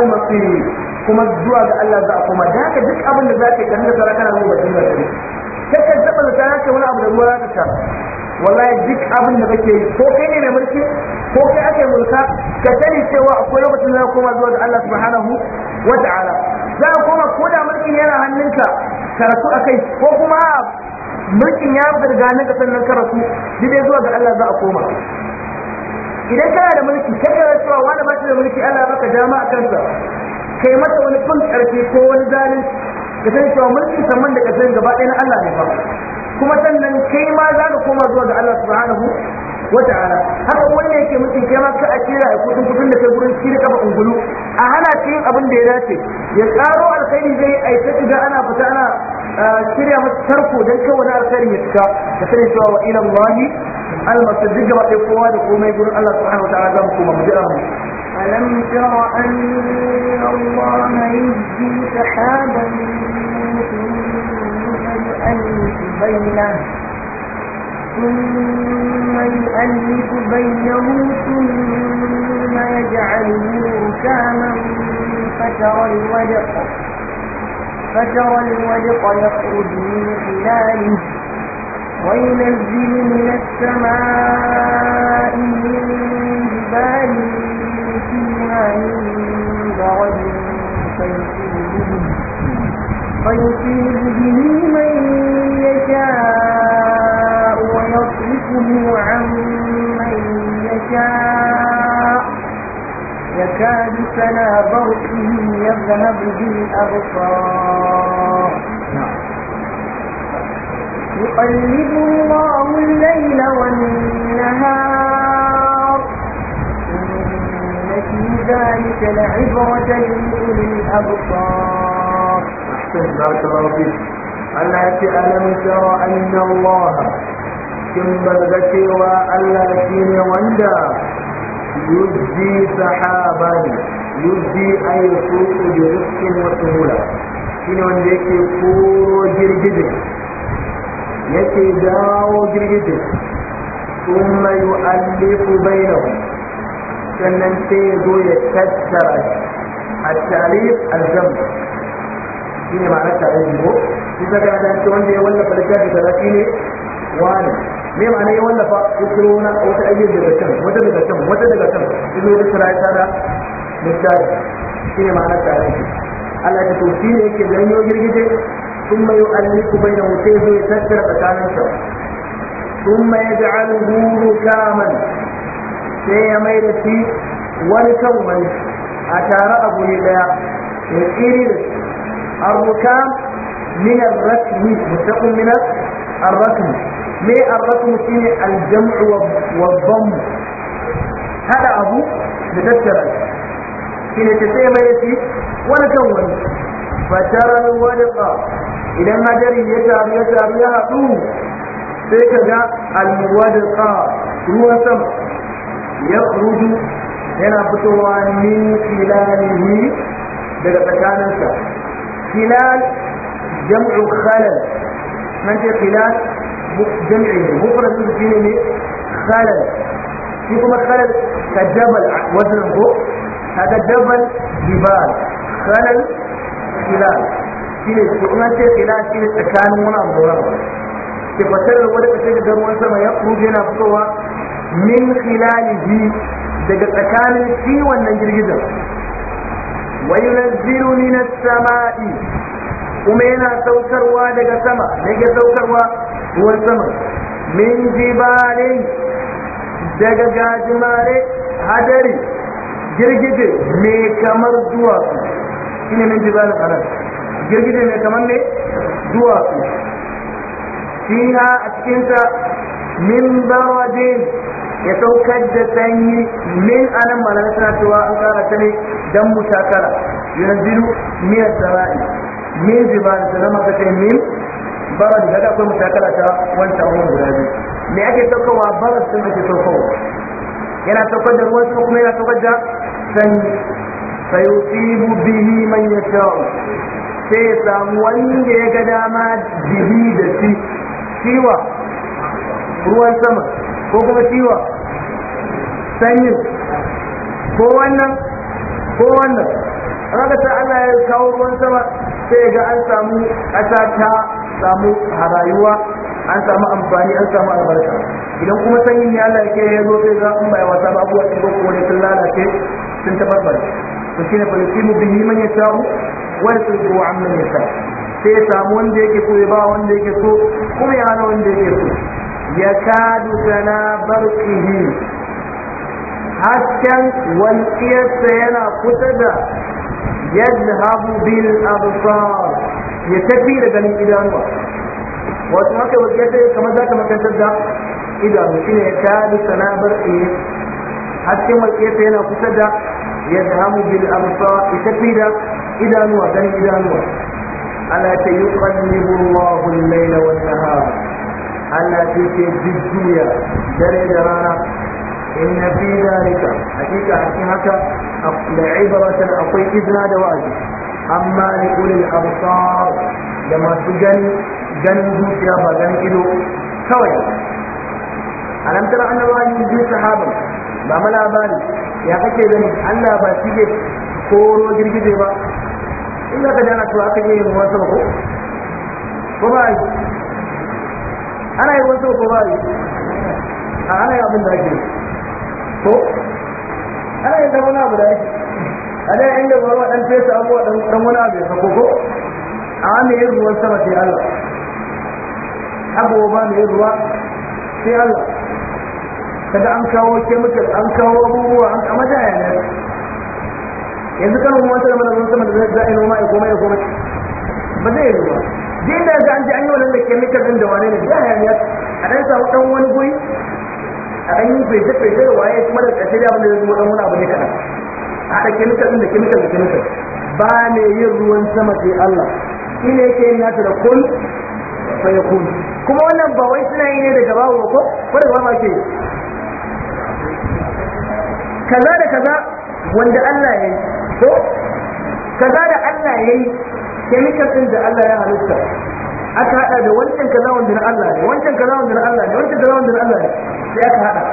al-masir kuma zuwa ga Allah za a koma da haka duk abin da za ka yi kanin da tsara kana zuwa basira da kai kakkan taɓa da tsara ka wani abu da ruwa za ka sha wallahi duk abin da kake yi ko kai ne mai mulki ko kai ake mulka ka sani cewa akwai lokacin da za koma zuwa ga Allah subhanahu wa ta'ala za a koma ko da mulkin yana hannunka ka rasu a kai ko kuma mulkin ya riga nan ka sannan ka rasu dai zuwa ga Allah za a koma idan kana da mulki kai ka cewa wani ba shi da mulki Allah ya baka dama a kansa kai mata wani fin karfi ko wani zalunci ka san cewa mulkin saman da kasan gaba ɗaya na Allah ne ba kuma sannan kai ma za ka koma zuwa ga Allah subhanahu wa ta'ala haka wanda yake mutum kai ma ka a kira a kudin kudin da kai gurin shi da kafa ungulu a hana cikin abin da ya dace ya karo alkhairi zai aika ga ana fita ana shirya masa tarko don kai wani alkhairin ya cika ka sani cewa wa ila Allah al-masjid gaba ɗaya kowa da komai gurin Allah subhanahu wa ta'ala za mu koma mu jira mu ألم تر أن الله يجزي سحابا ثم يؤلف بينه ثم يؤلف بينه ثم يجعله ركاما فترى الودق فترى الودق يخرج من خلاله وينزل من السماء من جبال الذين فيصيب به من يشاء ويصرفه عن من يشاء يكاد سنا برقه يذهب بالأبصار يقلب الله الليل والنهار وفي ذلك لعبرة لأولي الأبصار أحسن بارك الله فيك ألا ألم ترى أن الله ثم ذكر الذين وندى يجزي سحابا يجزي أي يفوت برزق وسهولة شنو وندى يفور جرجد يتداو جرجد ثم يؤلف بينهم sannan sai ya zo ya tattara a tarif aljam shi ne ma'anar tarif ko shi ta gana da ce wanda ya wallafa littafi da rafi ne wani me ma'ana ya wallafa ya na wata ayyar daga can wata daga can wata daga can shi ne ya kira da littafi shi ne ma'anar tarif Allah ta to shi ne yake yau girgije sun mai yu'alliku bai da mutum ya zo ya tattara tsakanin sa ثم يجعله ركاما sai ya mai da shi wani kan wani a tare a guri daya ya kiri arrukan min arrakmi mutaqin min arrakmi me arrakmi shine aljam'u wa dhamm hada abu da tattara shine ta sai mai da shi wani kan wani fataral wadqa idan hadari ya taru ya taru ya haɗu sai ka ga almuwadqa ruwan sama يخرج هنا فتوى من خلاله بدفتانسا خلال جمع خلل من خلال جمعه مفرد الجنين خلل يقوم الخلل كالجبل وزنه هذا جبل جبال خلل خلال shine kuma ce ila shi ne tsakanin wani abu da wani ke fasar da wani kashe da ruwan sama ya kuje yana fitowa min khilalihi daga tsakanin shi wannan girgizar wa yunazzilu min as-sama'i kuma yana saukarwa daga sama daga saukarwa ruwan sama min jibalin daga gajimare hadari girgije mai kamar duwatsu shine min jibalin anan girgije mai kamar ne duwatsu fiha a cikinta min baradin ya saukar da sanyi min anan malamai suna cewa an kara ta ne dan mutakara zinu miyar sara'i min da zama maka ce min barar da ga akwai mutakara ta wancan ruwan guda biyu me ake saukowa barar sun ake saukowa yana saukar da ruwan su kuma yana saukar da sanyi sayusibu bihi man yasha'u sai ya samu wanda ya ga dama bihi da shi ciwa ruwan sama ko kuma ciwa sanyin ko wannan ko wannan raga ta Allah ya kawo ruwan sama sai ga an samu ƙasa ta samu harayuwa an samu amfani an samu albarka idan kuma sanyin ne Allah ya ke ya zo sai ga an bai wata ba abuwa ko ko ne sun lalace sun tabbatar. to shine falisimu bihi man yasha'u wa yasrifu an ya yasha'u sai ya samu wanda yake so ya ba wanda yake so kuma ya hana wanda yake so Ya kadu sana barkihi حكم والقياس سينا قتدا يذهب بالأبصار يتفي لبني إدانوا وأتناك والقياس كما ذاك ما تنتدى إدانوا إن يكاد سنابر إيه حكم والقياس سينا قتدا يذهب بالأبصار يتفي لبني إدانوا إدانوا ألا تيقلب الله الليل والنهار ألا تيقلب الدنيا دليل رانا إن في ذلك حقيقة حكمك لعبرة أقوي إذنا دوازي أما لأولي الأبصار لما تجن جنه يا بغن إلو كوي ألم ترى أن الله يجزي صحابا ما ملا بالي يا أكي بني ألا باتيجي كورو جرجي با إلا كجانا تواقي مواصله وبعد أنا يواصل وبعد أنا يا أبن ذاكري ko ana yin wani abu da yake ana yin da ruwa dan fesa abuwa dan wani abu ya sako ko a me yin ruwan sama sai Allah abuwa ba me yin ruwa sai Allah kada an kawo chemicals an kawo abubuwa an kama da yana yanzu kan mu wata da ruwan sama da zai a noma ya koma ya koma ba zai yi ruwa je da ga an ji an yi wannan da chemicals din da wani ne da yana a dan samu dan wani guri a ɗan yi fece fece da waye kuma da ƙarshe da abinda ya zama ɗan wani abu ne kaɗan haɗa kemikal ɗin da kemikal da kemikal ba ne yin ruwan sama sai Allah shi ne yake yin nasa da kun fa ya kun kuma wannan ba wai suna yi ne daga babu ko ko da ba ke kaza da kaza wanda Allah ya yi ko kaza da Allah ya yi kemikal ɗin da Allah ya halitta aka haɗa da wancan kaza wanda na Allah ne wancan kaza wanda na Allah ne wancan kaza wanda na Allah ne sai aka haɗa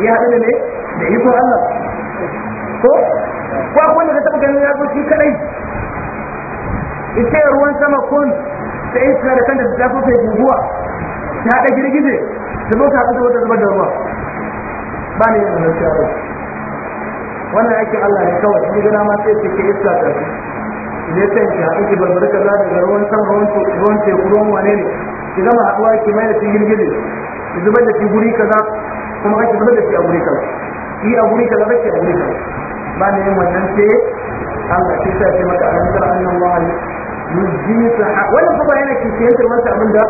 ya haɗu da me da ikon Allah ko ko akwai ka taɓa ganin ya shi kaɗai ita ruwan sama kun sai iska da kanta ta fafe guguwa ta haɗa girgije ta zo ta haɗu da wata zubar da ruwa ba ne yin wannan shafi wannan aikin Allah ne kawai shi gana ma sai ke iska ta ne sai ki haɗu ki barbarka za da ruwan sama ruwan teku ruwan wane ne ki gama haɗuwa ki mai da shi girgije ki zubar da shi guri kaza kuma kake zubar da shi a guri kaza yi a guri kaza kake a guri kaza ba ne yin wannan ce Allah shi sa ce maka an zara annan wani yuzini sa wannan kuma yana kishiyantar masa abin da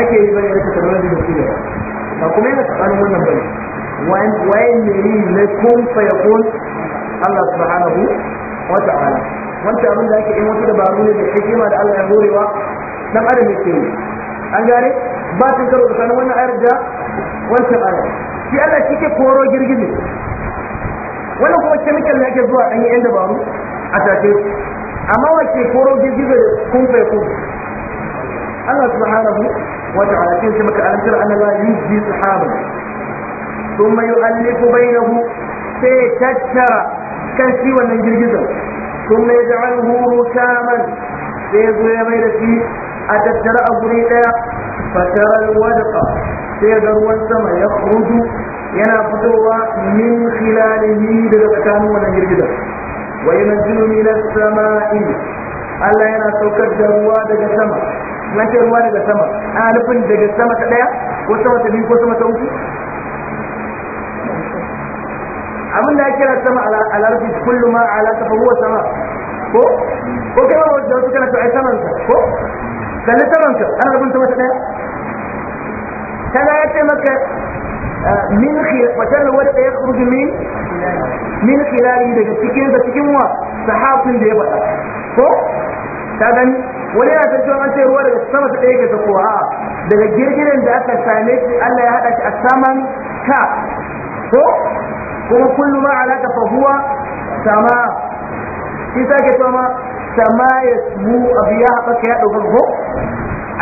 ake yi bane rika kalmar da shi ba kuma yana tsakanin wannan bane wayan ne yi na kun fayakun Allah subhanahu wa ta'ala wancan abin da ake yi wata dabaru ne da hikima da Allah ya horewa dan adam yake yi an gane ba su karo tsakanin wannan ayar da wancan ayar shi Allah shi ke koro girgije wannan kuma chemical ne ake zuwa an yi yan dabaru a tafe amma wace koro girgije da kumfe kun Allah subhanahu wa ta'ala sai shi maka alantar annaba yuji sahaba thumma yu'allifu bainahu sai tattara kan shi wannan girgizar ثم يجعله ركاما sai ya zo ya mai da shi a tattara a guri daya fataral wadqa sai ga ruwan sama ya khuruju yana fitowa min khilalihi daga tsakanin wannan girgizar wa yanzilu min as-sama'i Allah yana saukar da ruwa daga sama nan ce ruwa daga sama alifin daga sama ta daya ko sama ta biyu ko sama ta uku abin da ya kira sama a larabci kullu ma ala tafahuwa sama ko ko kai ma wajen su kana to ai ko da littafanka ana rubuta wata daya kana ya ce maka ah, min wata wata daya kurji min min khilali daga cikin da cikin wa sahafin da ya faɗa ko ta gani wani yana ta cewa an ce ruwa daga sama ta daya ga zakowa daga girgiren da aka same shi Allah ya haɗa shi a saman ka ko kuma kullum ma alaka fa huwa sama shi sake ma. kama ya mu abu ya haɓaka ya ɗaukar ko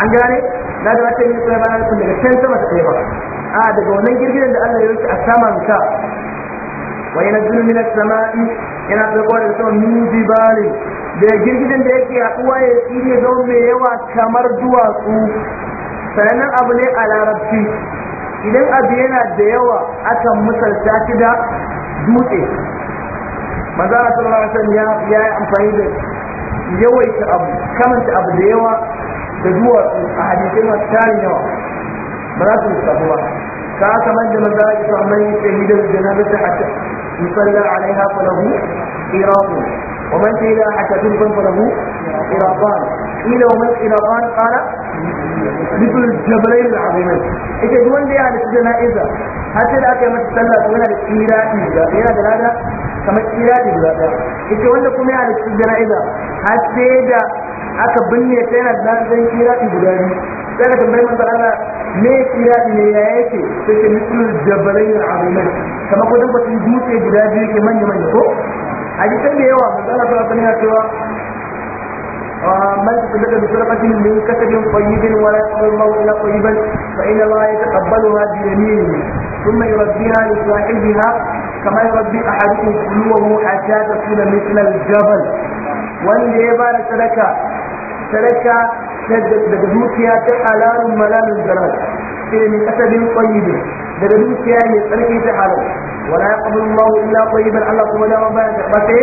an gane na da wata yin tsaye bayan sun daga can sama ta tsaye ba a daga wannan girgiren da Allah ya wuce a sama musa wa yana zulu min sama'i yana tsakowar da sama min jibalin da girgiren da yake haɗuwa ya tsire zama mai yawa kamar duwatsu sanannen abu ne a larabci idan abu yana da yawa akan misalta shi da dutse manzo Allah sallallahu alaihi wasallam ya yi amfani da yawaita abu kamanta abu da yawa da duwatsu a hadisai masu tarin yawa ba za su lissafu ba ka kamar da maza ya sa man shahidar janabata hatta yusalla alaiha falahu iraqu wa man tun hatta na falahu iraqan ila wa man iraqan qala مثل الجبلين العظيمين إذا جوان دي على الجنائزة حتى لا كما تسلى تقول هذا إيرائي da إيرائي kamar tsira da guda ɗaya ita wanda kuma ya halitta jana'iza har sai da aka binne ta yana da ɗan tsira da guda biyu sai ka tambayi manzo Allah me tsira ne ya yake sai ke mislul jabalain azimai kamar ko dukkan dutse guda biyu ke manya manya ko hadisan da yawa manzo Allah sallallahu alaihi wasallam cewa من تصدق بصدقة من كسب طيب ولا يقبل الله إلا طيبا فإن الله يتقبلها بيمينه ثم يربيها لصاحبها kama rabbi ahadukum mu a takuna suna al-jabal wanda ya bada sadaka sadaka daga dukiya ta halalun malalun jaral sai min kasabin qayyib daga dukiya mai tsarki ta halal wala yaqbalu Allahu illa qayyiban Allah kuma da ba ya tabbate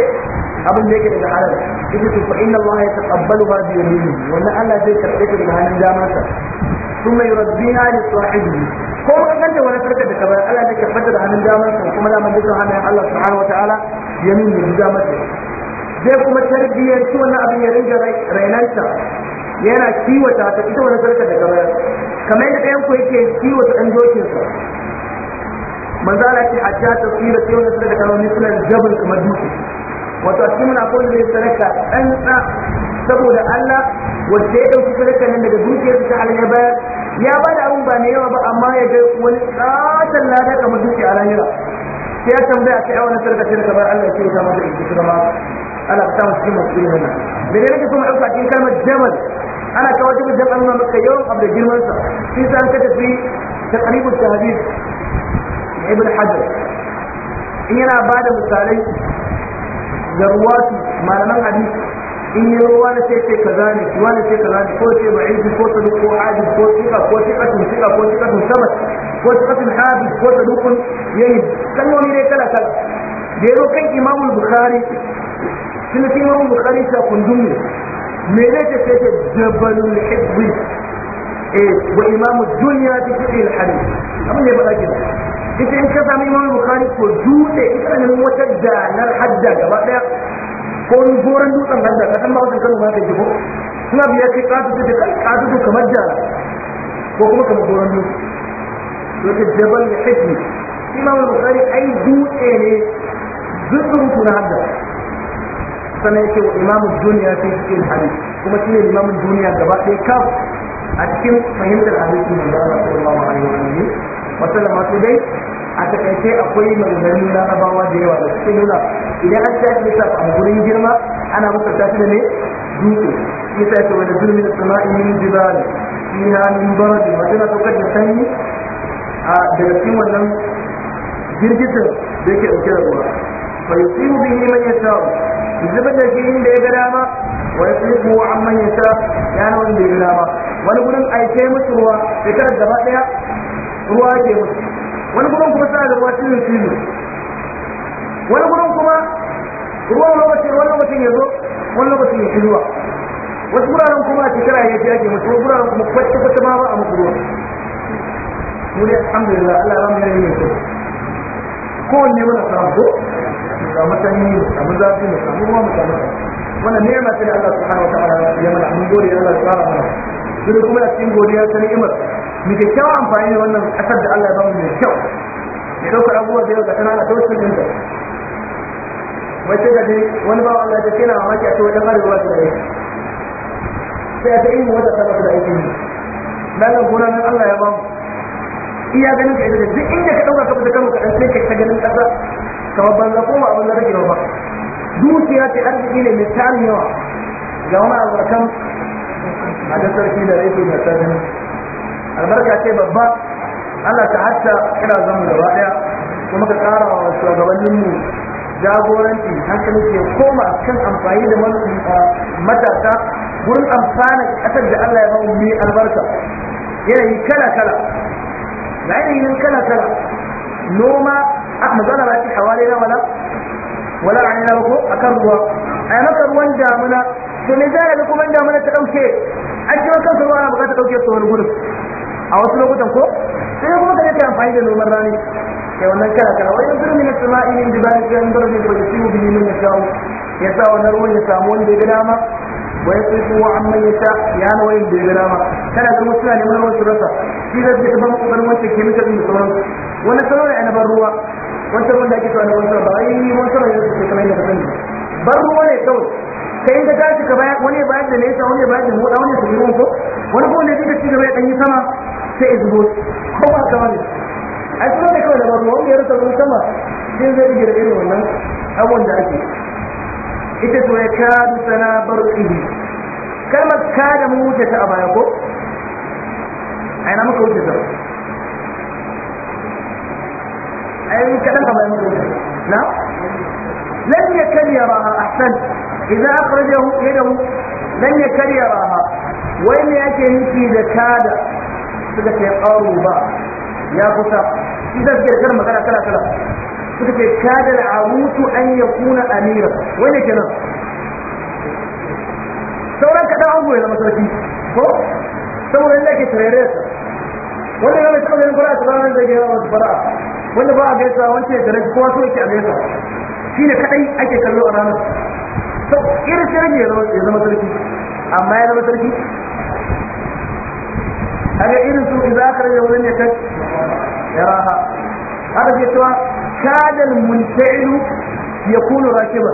abin da yake daga halal ita ce fa inna Allah yataqabbalu ma bi yamini wannan Allah zai karbe ta daga hannun damansa kuma yurabbiha li sahibi ko mun ganta wani sarkar da kabar Allah ne ke fadda da hannun damar sa kuma da mun dukkan hannun Allah subhanahu wataala yamin ne da mata zai kuma tarbiyyar shi wannan abin ya ringa rainanta yana kiwata ta ita wani sarkar da kabar kamar yadda ɗayan ku yake kiwata ɗan dokin sa manzo Allah ce hatta tasira sai wani sarkar da kabar ne suna jabal kamar dutse wato a cikin muna kowane ne sarka ɗan saboda Allah wanda ya ɗauki sarkar nan daga dukiyar ta Allah ya bayar ya ba da abin ba ne yawa ba amma ya ga wani katon lada kamar duki a lahira sai ya tambaya ta yawan sarka sai kamar Allah ya kyauta masa in kuma ma ana ta mu cikin masu ilimin nan da ne nake kuma ɗauka cikin kalmar jamal ana kawo cikin jamal nuna maka yawan abu da girmansa shi sa an ka tafi ta karibin shahadis ibn hajar in yana ba da misalai da ruwatu malaman hadisi in yi ruwa da sai ce kaza ne shi wani sai kaza ne ko ce ba'izi ko saduq ko hadis ko tika ko tikatun tika ko tikatun sabat ko tikatun hadis ko saduqun yayi kalmomi ne kala kala da yaro kan imamul bukhari sun ce imamul bukhari ta kundum ne me ne ce sai ce jabalul hibbi eh wa imamu dunya bi fiqh al hadis abin da ba da kida ita in ka sami imamul bukhari ko dutse ita ne wata danar hadda gaba daya ko wani goron dutsen hadda ka san ba wajen kano ma ka ji ko suna biya ce katutu da katutu kamar jara ko kuma kamar goron dutse wata jabal da hikmi imam al-bukhari ai dutse ne zurfin na hadda sannan yake wa imamun duniya fi cikin hadisi kuma shi ne imamun duniya gaba ɗaya kaf a cikin fahimtar hadisi mai zama sallallahu alaihi Wasu sallam wato dai a takaice akwai maganganun larabawa da yawa da suke nuna idan an tafi lissafa a gurin girma ana mutunta tafi da ne dutse shi ta ce wani zulmin sama'i min jibal fiha min barad wa tana saukar da sanyi a daga cikin wannan girgitin da yake dauke da ruwa fa yusibu bihi man yasha zubar da shi inda ya ga dama wa yasrifu amman yasha yana wanda ya ga dama wani gurin aike musu ruwa shekarar gaba daya ruwa ke musu wani gurin kuma sa da ruwa cikin cizo wani gurin kuma ruwa lokacin wani lokacin ya zo wani lokacin ya shiruwa wasu wuraren kuma a cikin ya ji ake mutu, wasu wuraren kuma kwata kwata ma ba a muku ruwa mu ne alhamdulillah Allah ya ramu yanayi mai kyau kowanne mana samu ko mu samu sanyi mu samu zafi mu samu ruwa mu samu wannan ne ma sai Allah subhanahu wa ta'ala ya mana mun gode Allah ya fara mana duk kuma a cikin godiya ta ni'imar mu da kyau amfani da wannan kasar da Allah ya bamu mai kyau ya daukar abubuwa da yau ga tana da tausayin ta wai sai da dai wani bawa Allah ta kira mamaki a cewa dan arewa su da aiki sai ta ilimi wata ta da aiki ne malam gona nan Allah ya bamu iya ganin ka da duk inda ka dauka ka fita kanka dan sai ka ta ganin kasa kamar banza ko ma abin da kake ba dukiya ce arziki ne mai tarin yawa ga wani albarkan a da sarki da rai da sarki albarka ce babba Allah ta hatta kira zamu gaba daya kuma ka tsara wa shugabanninmu jagoranci hankali ke koma kan amfani da eh, matasa wurin amfana kasar da Allah ya ba mu albarka yanayi kala kala ga yanayin kala kala noma a magana ba ce hawale na wala wala rani na ko a kan ruwa a yi maka ruwan damuna to me zai yi kuma damuna ta ɗauke? an ji kan ruwa ana bukatar dauke su wani gurin a wasu lokutan ko sai kuma ka yi amfani da noman rani ya wannan kala kala wani yanzu min sama'i min jibali sai an barbe ko yusibu bihi min yashau ya sa wani ruwan ya samu wanda ya ga dama wa ya tsifu wa amma ya sha ya na wani da ya ga dama kana ga suna ne wannan wasu rasa shi da ke ban kokarin wancan ke mutar da sauran wani sauran ya na ban ruwa wancan wanda ake tsawo na wasu ba ai wani sauran ya suke kamar yadda sani ban ruwa ne kawai kai da shi ka bayan wani ya bayan da ne sa wani ya bayan da moda wani ya su yi ko wani ko ne duka ci gaba ya ɗanyi sama sai izbo ko ba kamar ai kuma da kawai da basu wanda ya rasa ruwan sama shi zai iya da irin wannan abubuwan da ake ita to ya kadu sana barqihi kalmar kada mu wuce ta a baya ko ai na muka wuce ta ai kadan a baya muka wuce na lam yakal yaraha ahsan idza akhrajahu yadahu lam yakal yaraha wai me yake nufi da kada suka ce qaru ba ya kusa shi da suke kar magana kala kala suka ce kadal awutu an kuna amira wani kenan sauran kaɗan an goyi zama sarki ko saboda yadda ake tarere sa wanda ya mai taɓa yin fara'a ta ranar da gera wasu fara wani ba a gaisa wancan ya tarere wato so yake a gaisa shi ne kaɗai ake kallo a ranar irin sarki ya zama sarki amma ya zama sarki kaga irin su idza akhraja wurin ya kai yaraha haka ke cewa kada al-munta'ilu yakunu rakiba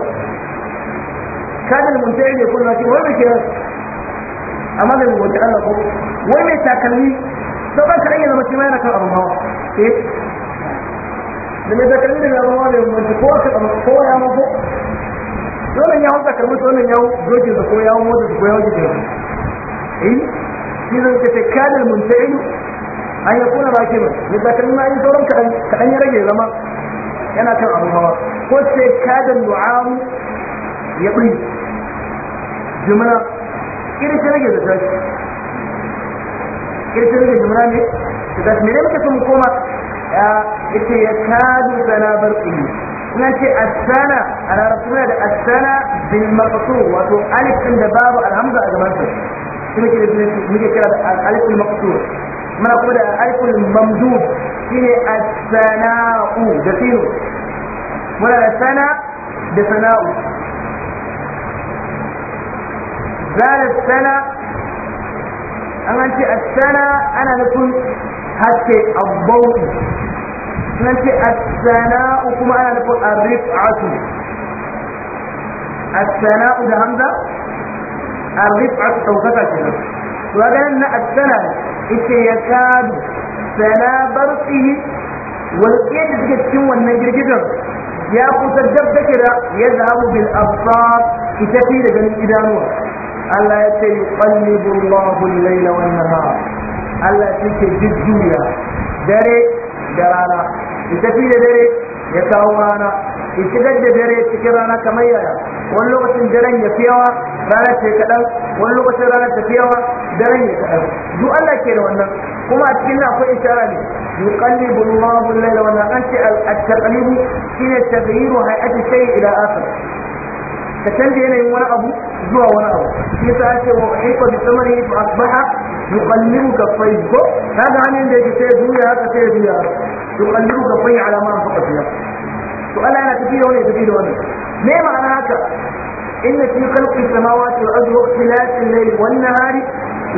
kada al-munta'ilu yakunu rakiba wai ke amma da mu Allah ko wai mai takalmi to ba ka rage zama shi ma yana kan abu hawa eh da mai takalmi da abu hawa da mun ko ka ko ya mu ko dole ya hau takalmi dole ya hau dokin da ko ya hau mota ko ya hau gidan shi zai kace kanil munta'ilu an ya kuna baki ba ya zaka nuna yin sauran ka kaɗan ya rage zama yana kan abu hawa ko ce kadan du'amu ya ɓuri jumla kire ta rage da tashi kire ta rage ne da me ne muka sun koma ya ita ya kadu sana barƙi kuna ce asana a larabtuna da asana bil maqtu wato alif din da babu alhamza a gaban sa shi muke da muke kira da kuma da shine as-sana'u da sinu muna da sana da sana'u zalat sana an ce as-sana ana nufin haske abbau sunan ce as-sana'u kuma ana nufin ar-rif'atu as-sana'u da hamza الرفعة توقفة كده وقال الثلاث يكاد سنا برقه والقيد تكتشن والنجر جدر يا قتدب كده يذهب بالأبصار كتفي لجن إدانوه ألا يقلب الله الليل والنهار ألا تكتب الدنيا dare da rana ya tafi da dare ya kawo rana ya shigar da dare cikin rana kamar yaya wani lokacin daren ya fi yawa ranar ta kaɗan wani lokacin ranar ta fi yawa daren ya kaɗan duk Allah ke da wannan kuma a cikin nan akwai ishara ne yuqallibu Allahu al-layla wa an ce at-taqlibu shine taghyiru hay'ati shay'in ila akhar ka canza yanayin wani abu zuwa wani abu shi yasa ake wa uhibba bi thamari fa asbaha yuqallibu kaffayhi ko kaga hannun da yake sai juya haka sai juya yuqallibu kaffayhi ala ma anfaqa fiha to Allah yana tafiya wani tafiya da wani ما معنى هذا إن في خلق السماوات والأرض واختلاف الليل والنهار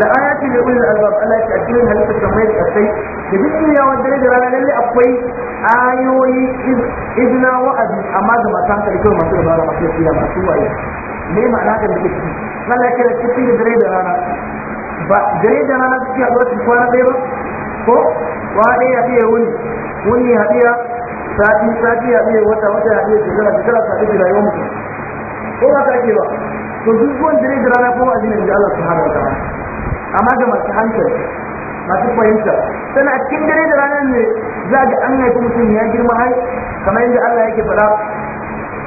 لآيات لأولي الألباب ألا تأكلون هل تسميت الشيء يجب يا ودري جرانا للي أقوي آيوي إذن وأذن أما ذا كانت لكل ما تقول بارا مصير فيها ما سوى إيه ما معنى هذا اللي كتبه قال لك إذا كتبه دري جرانا دري جرانا تكي أدوات مكوانا بيبا ko وهذه هي ya fiye wuni sati sati ya iya wata wata ya iya shekara shekara sati da rayuwar mutum ko ba ta ke ba to duk zuwan dare da rana ko addini da Allah subhanahu wa ta'ala amma ga masu hankali masu fahimta sannan a cikin dare da ranar ne za ga an haifi mutum ya girma har kamar yadda Allah yake faɗa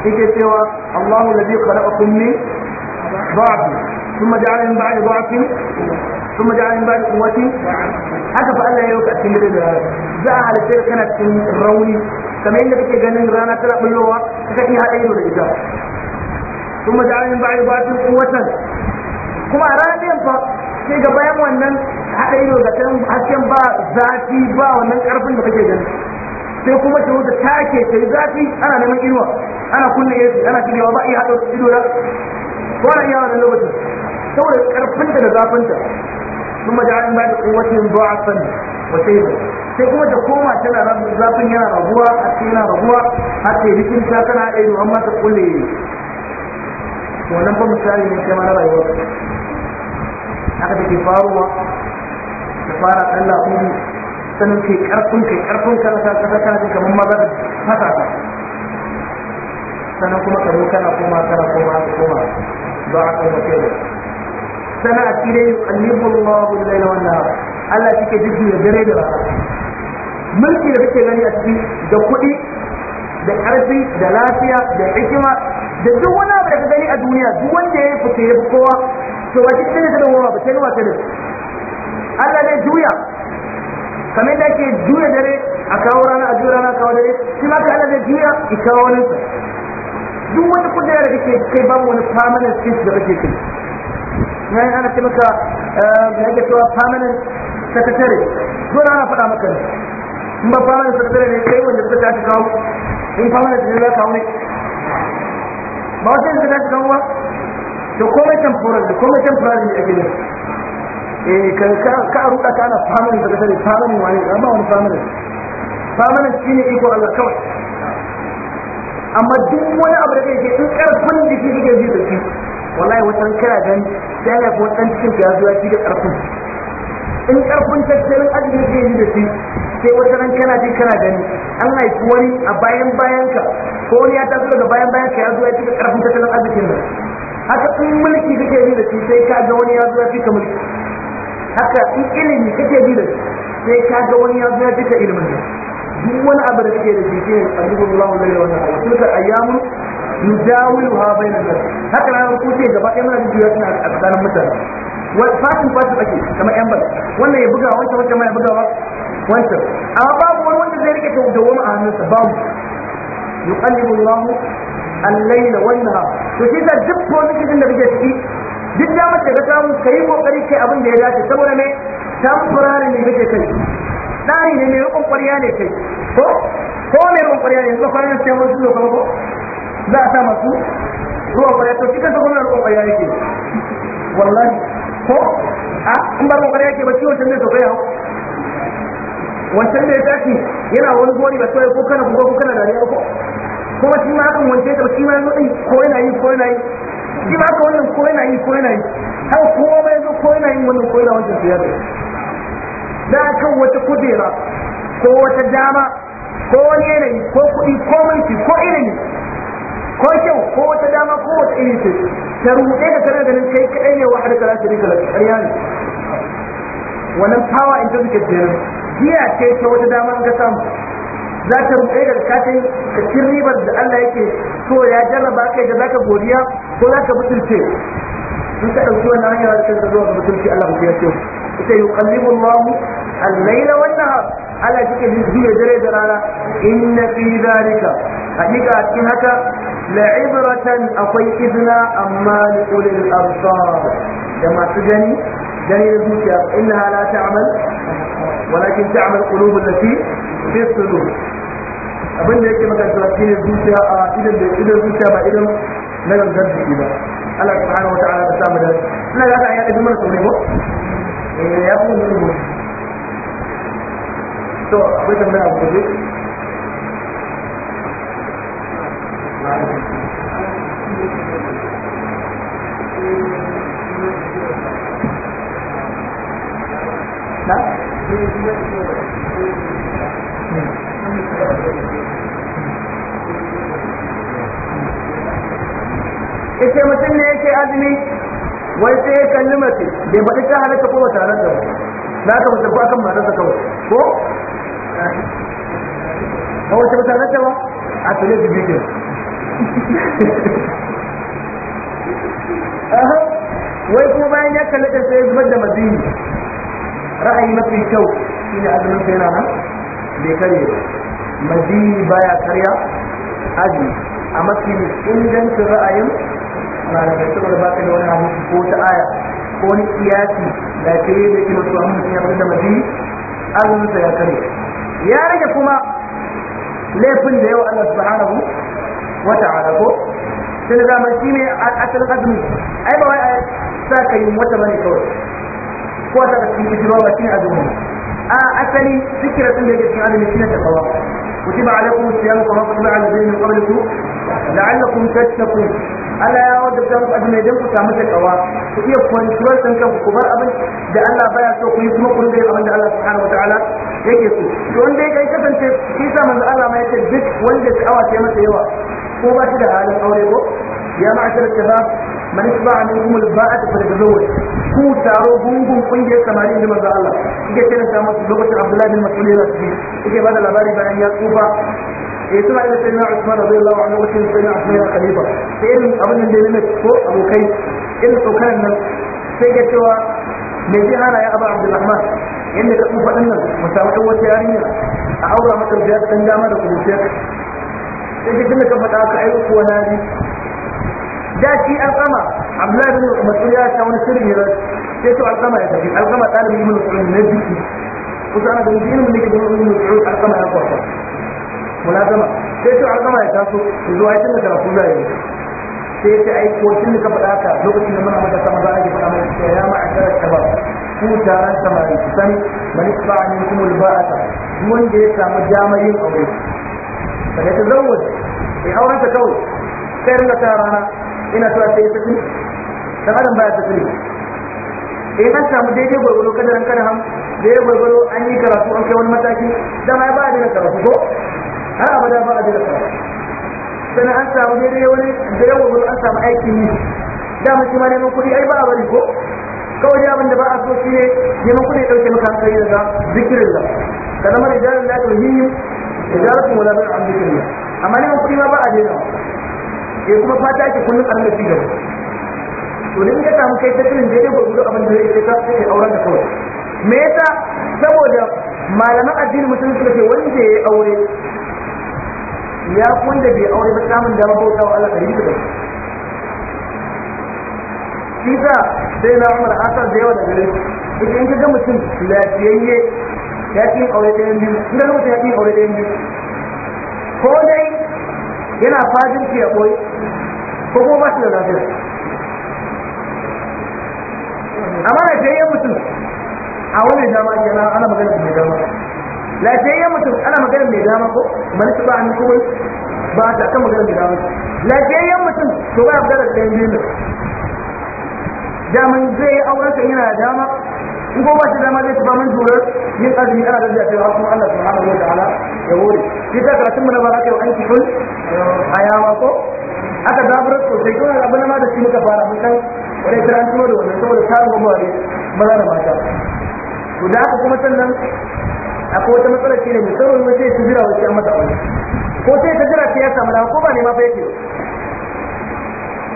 yake cewa Allahu ladhi khalaqakum min ba'd thumma ja'ala min ba'di ba'din thumma ja'ala min ba'di quwwatin haka fa Allah ya ka cikin dare da za a halitta kana cikin rauni kamar yadda kake ganin rana tana bullowa kaka ki haɗa ido da ita kuma da ayin ba'i batun kuwatan kuma a ranar ɗayan fa sai ga bayan wannan haɗa ido da kan hasken ba zafi ba wannan ƙarfin da kake ganin sai kuma ta wuce take ta yi zafi ana neman inuwa ana kunna yesu ana shigewa ba iya haɗa ido da wannan yawa da lokacin saboda ƙarfin da zafinta ثم جعلنا بعد قوة ضعفا وشيبا sai kuma ta koma tana zafin yana rabuwa a ce yana rabuwa har ta yi ta tana ɗaya da amma ta kulle wannan ba misali ne kai mana na rayuwa haka take faruwa ta fara tsalla ku sanin kai karfin kai karfin ka ta ka rasa ka kamar maza da matasa sannan kuma ka kana koma kana koma ka koma ba a kan wace da sana a cikin yuqallibu Allahu al-laila Allah nahar Allah take jiji da dare da rana mulki da kake gani a ciki da kuɗi da ƙarfi da lafiya da hikima da duk wani abu da ka gani a duniya duk wanda ya fice ya fi kowa to ba shi ne ta da ba ta wa ta da Allah ne juya kamar da ke juya dare a kawo rana a juya rana a kawo dare shi ma ka Allah ne juya i kawo wani duk wani kudi da kake kai babu wani permanent fix da kake kai nan ana ce maka da eh, yake cewa permanent secretary dole ana faɗa maka ne in ba permanent sakatare ne kai wanda suka tashi kawo in permanent ne za ka kawo ne ba wata yanzu tashi kawo ba to komai furar da komai temporary ne ake nufi eh ka ka ruka ka ana permanent sakatare permanent wani amma wani permanent permanent shine iko Allah kawai amma duk wani abu da kake in karfin jiki kike ji da shi wallahi wata kira gani sai ya ko dan cikin ka ya zo ya karfin in karfin tattalin arziki kike ji da shi sai wata ran kana ji kana gani An haifi wani a bayan bayan ka ko wani ya taso daga bayan bayan ka ya zo ya ci karfin tattalin arzikin nan haka in mulki kake bi da shi sai ka ga wani ya zo ya cika mulki haka in ilimi kake bi da shi sai ka ga wani ya zo ya cika ilimin nan duk wani abu da kake da shi sai Allahu laila wa ta'ala tilka ayyamun yudawiluha bainan nas haka nan ku ce gaba ɗaya muna juya suna a tsakanin mutane Wani fatin fatin ake kamar yan bal wannan ya buga wancan wancan ma ya buga wancan amma babu wani wanda zai rike ta wani a hannunsa babu yuqallibu Allahu al-layla wan nahar to shi da duk wani cikin da kake ciki duk da da ka samu kai kokari kai abin da ya dace saboda me temporary ne kake kai tsari ne mai rukun ƙwarya ne kai ko ko mai rukun ƙwarya ne Ko kwanan sai mun zuwa kuma ko za a sa masu ruwa ƙwarya to cikin kuma rukun ƙwarya yake wallahi ko a in ba rukun ƙwarya yake ba ciwon can to kai yau wancan da ya tashi yana wani gori ba sai ko kana kuka ko kana dariya ko kuma shi ma hakan wance ta shi ma yanzu ko yana yi ko yana yi shi ma haka wannan ko yana yi ko yana yi haka kuma ma yanzu ko yana yin wannan ko yana wancan siyar da kan wata kudera ko wata dama ko wani yanayi ko kuɗi ko mulki ko ilimi ko kyau ko wata dama ko wata ilimi ce ta rubuɗe da kana ganin kai kaɗai ne wa har za ta da ƙarya ne wannan power in certificate din giya ce ta wata damar ga samu za ta rufe da katin ka cin ribar da Allah yake so ya jarraba kai da zaka godiya ko zaka mutunce in ka dauki wannan hanya da kanka zuwa ga mutunci Allah ba ya ce ita yuqallibu Allah al-layla wan nahar Allah yake jiya dare da rana inna fi dhalika hakika cikin haka la'ibratan akwai izna amma li ulil absar da masu gani جنين الزوجية إنها لا تعمل ولكن تعمل قلوب التي في الصدور abin da yake maka cewa shine zuciya a idan da idan zuciya ba idan na gangan jiki ba Allah subhanahu wataala ta samu da ina ga ya da mana ko ya fi mu na? ita mutum ne yake azumi wai sai ya kalli mace ya faɗi ta halitta ko wata halatta ba na ka mace ba kan matarsa kawai ko ba wata wata halatta ba a tare da bikin wai kuma bayan ya kalli ta sai ya zubar da mazini ra'ayi mafi kyau shine azumin sa yana nan bai kare ba madini baya karya azumi a mafi ingancin ra'ayin malamai saboda ba ka da wani abu ko ta aya ko wani kiyasi da ke yi da ke mutu a mutum ya fi da madini azumin sa ya kare ya rage kuma laifin da yawa Allah subhanahu wa ta'ala ko sai da zama shine asalin azumi ai ba wai sa ka yi wata bane kawai ko daga cikin hijira ba shine azumi a asali zikira din da yake cikin azumi shine takawa kutiba alaikum siyam kama kutiba ala alladhina min qablikum la'allakum tattaqun Allah ya wadda ta muku azumi idan ku samu takawa ku iya control din kanku ku bar abin da Allah baya so ku yi kuma ku rinka yin abin da Allah subhanahu wataala yake so to wanda ya kasance shi sa manzo Allah ma yake duk wanda sha'awa ta masa yawa ko ba shi da halin aure ko ya ma'ashar shabab man isba'a minkum al-ba'at falyatazawwaj ku taro gungun kungiyar samari da maza Allah yake kiranta musu lokacin Abdullahi bin Mas'ud ya rasu ba da labari bayan ya tsufa eh suna da sayyidina Usman radiyallahu anhu lokacin sayyidina Usman ya khalifa sai irin abin da ne ko abokai irin tsokanan nan sai ga cewa me zai hana ya Abu Abdulrahman yadda ka tsufa din nan mu samu ɗan wata yarinya a aura mata da ta dama da kuruciya sai ka tunda ka faɗa ka aiko kuwa na da shi an sama. abdullahi bin mas'ud ya sha wani sirri ne sai to alƙama ya tafi alƙama ɗalibin ibn mas'ud ne biki kusa ana ganin ilimin da ke ganin ibn mas'ud alƙama ya kwafa mulazama sai to alƙama ya taso zuwa ya tunda karatu za yi sai ta ai ko cikin ka faɗa ka lokacin da muna mata sama za a ji faɗa mai cewa ya ma'akara shabab ku taron samari ku sani mani ba a nemi kuma ba'ata duk wanda ya samu damar yin aure daga ta zarwa ya auren ta kawai sai ringa ta rana ina ta sai ta dan adam baya da sani eh an samu daidai kada kadarin kada ham ya gwargwaro an yi karatu an kai wani mataki dama ya ba a daina karatu ko har abada ba a daina karatu sannan an samu daidai wani da ya gwargwaro an samu aikin yi Da shi ma neman kuɗi ai ba a bari ko kawai abin da ba a so shi ne neman kuɗi ɗauke maka hankali daga zikirin da ka zama da jarin da ɗauki yi da jarin wala bin an yi. amma neman kuɗi ma ba a daina eh kuma fata ake kullum a rinka gaba to ne ka samu kai ta kirin daidai gwargwado abin da zai ka ke auren da kawai me yasa saboda malaman addini musulmi suka ce da ya aure ya da bai aure ba samun dama bauta wa Allah ɗari da ɗari shi sa sai na umar asar da yawa da gare ita in ka ga mutum lafiyayye ya ƙi aure ɗayan biyu in ga ya ƙi aure ɗayan biyu ko dai yana fadin ya ɓoye ko kuma ba shi da lafiya amma lafiyayyen mutum a wannan dama yana ana magana mai dama lafiyayyen mutum ana magana mai dama ko mani su ba a kuma ba a kan magana mai dama lafiyayyen mutum to ba a magana da ɗayan biyu daman zai yi auren kan yana da dama in ko ba shi dama zai tuba mun jura yin azumi ana da zai ta kuma Allah subhanahu wa ta'ala ya hore shi ta karatun mun ba za ka yi aiki kun ayawa ko aka zaburar sosai kuma abin ma da shi muka fara mun kan wani kira an tuno da wannan saboda tarin gwamnati maza da mata to da haka kuma sannan akwai wata matsalar ce ne mai tsaro ne sai su jira wasu an masa wani. ko sai ta jira ya samu dama ko ba ne ma fa yake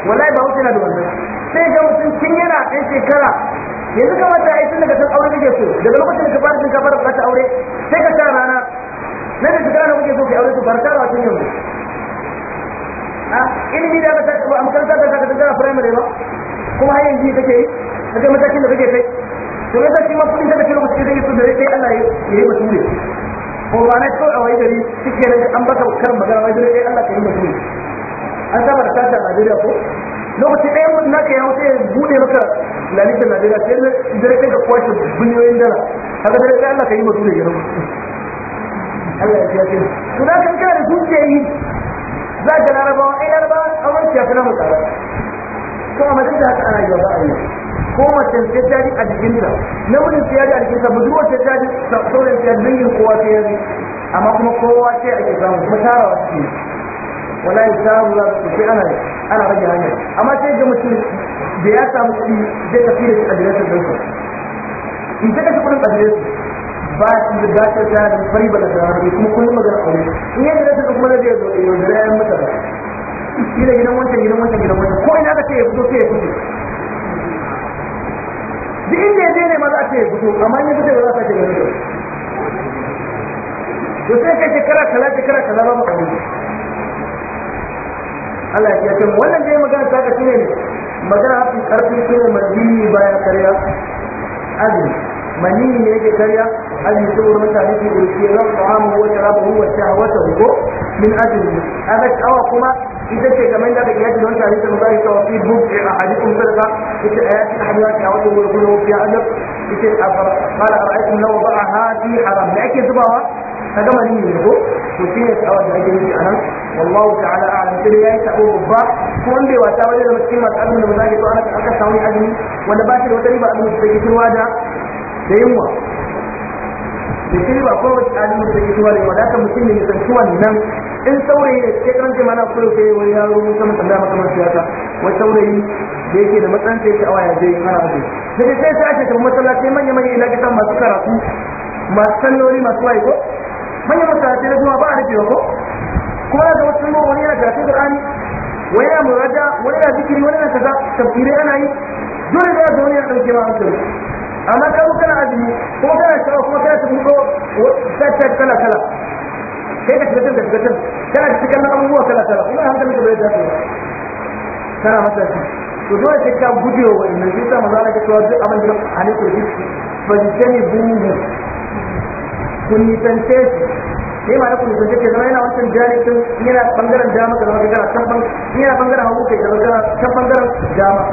wallahi ba wuce na da wannan sai ga mutum tun yana ɗan shekara yanzu kamata a yi tun daga san aure kake so daga lokacin da ka fara tun ka fara bukatar aure sai ka sa rana na da shekara na kuke so kai aure to barka da wacin yanzu a ah, ilimi da aka sa a makaranta da ka tattara firamare ba kuma har yanzu take yi a kai matakin da kake kai to ne zai mafi inda kake lokaci zai yi su da sai Allah ya yi ne ko ba na kawai a wai gari suke nan an baka karin magana wai dole sai Allah ya yi ne an saba da sata a Najeriya ko lokaci ɗaya mun naka ya wuce bude buɗe maka lalitar Najeriya sai na dare kai ka kwashe biliyoyin dala haka dare sai Allah ka yi masule ya rabu Allah ya ce to da kan kana da zuciya yi za ka larabawa ai larabawa a wani shafi na mutsara Kuma mace da haka ana yiwa ba a yi ko mace ce ta ji a jikinta namijin ta ya ji a jikinta budurwa ce ta ji sauran ce dangin kowa ce ya amma kuma kowa ce ake samu kuma tarawa ce wala ya samu za su ce ana ana rage hanyar amma sai ga mutum da ya samu kuɗi zai tafi da shi a adireshin ɗinsa in ta kashe kuɗin adireshin ba shi da ta da fari ba da kuma kun magana aure in yadda da ta kuma da zai zo yau da rayan mutane gidan gidan wancan gidan wancan gidan wancan ko ina ka ce ya fito sai ya fito duk inda ya je ne maza a ce ya fito amma in ya fito ba za a ce ya fito to sai kai shekara kala shekara kala ba mu aure Allah ya ce wannan dai magana ta ka shine ne magana hafi karfi shine madini baya karya azumi manini ne yake karya azumi saboda mutane ke da ke ran ta'amu wa sharabahu wa shahwatahu ko min azumi aga sha'awa kuma ita ce kamar da daga yadda wanda hadisi mu bari tawafi buk a hadisin sarka ita ayati ahliya ta wato wurin gudu fi adab ita afar qala ra'aytum law ba'aha fi haram da yake zubawa kaga mani ne ko to shine tsawon da ake yi anan wallahu ta'ala a'lam sai yayi ta babba ko wanda ya wata wajen da mutum masu azumi da mazaki to ana aka samu azumi wanda ba shi da wata riba azumi da take kirwa da da yunwa da kirba ko wata azumi da take kirwa da yunwa da haka mutum ne ya san wannan in saurayi da ke karanta mana koyo sai wani yaro mun san tambaya maka kuma siyasa wani saurayi da yake da matsayin sai sha'awa ya je hana abu da sai sai ake kamar masallaci manya manya ila kitan masu karatu masu salloli masu waye ko manya masallaci na kuma ba a rufewa ko kuma da wasu mu wani yana karatun qur'ani wani yana muraja wani yana zikiri wani yana kaza tafsirai ana yi dole da wani yana dauke ma hankali amma kawo kana azumi kuma kana sha'awa kuma kana tafi ko tattar kala kala sai ka shiga can ka shiga kana da cikin abubuwa kala kala kuma hankali ka bai dace kana masa to dole sai ka gujewa wannan sai sa maza ka cewa duk da halittu da shi fajjani buhu kun nisance shi sai ma na kuma sun zama yana wancan janikin yana bangaren dama ka zama gagara can ban yana bangaren hagu kai ka zama can bangaren dama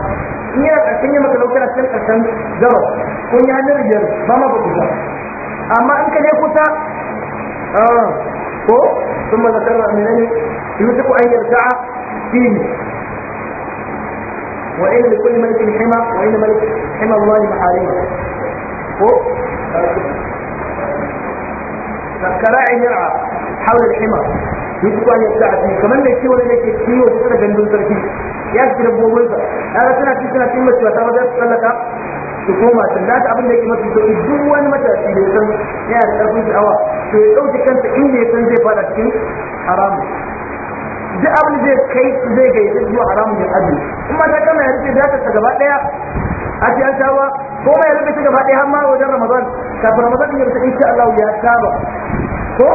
in yana karshen yi maka laukar can karshen gaba kun yi hannun riyar ba ma ba kusa amma in ka je kusa ah, ko ثم ذكرنا من يوسف ان يرجع فيه وان لكل ملك حمى وان ملك حمى الله محارمه ko kara a yi a haular hima ya ci kwanye ta a cikin kamar da ke wani yake kiwo da suka gandun sarki ya ci da bobonsa ya ga suna cikin suna cikin mace ba ta wajen tsallaka su koma sun da abin da ke mafi sauki duk wani matashi da ya san yana da ƙarfin sha'awa to ya ɗauki kansa inda ya san zai fada cikin haramu duk abin zai kai zai gaisa zuwa haramun ya azumi in ma ta kama ya rufe za ka gaba ɗaya a ce an shawa ko ma ya rufe ta gaba ɗaya har ma wajen ramadan kafin ramadan ya rufe insha Allah ya saba ko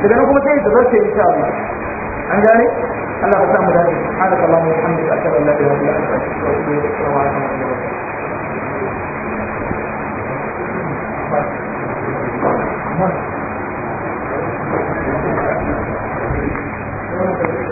daga nan kuma sai ya zarce insha Allah an gane Allah ya samu dace subhanakallahumma wa bihamdika ashhadu an la ilaha illa anta astaghfiruka wa atubu ilaik Thank you.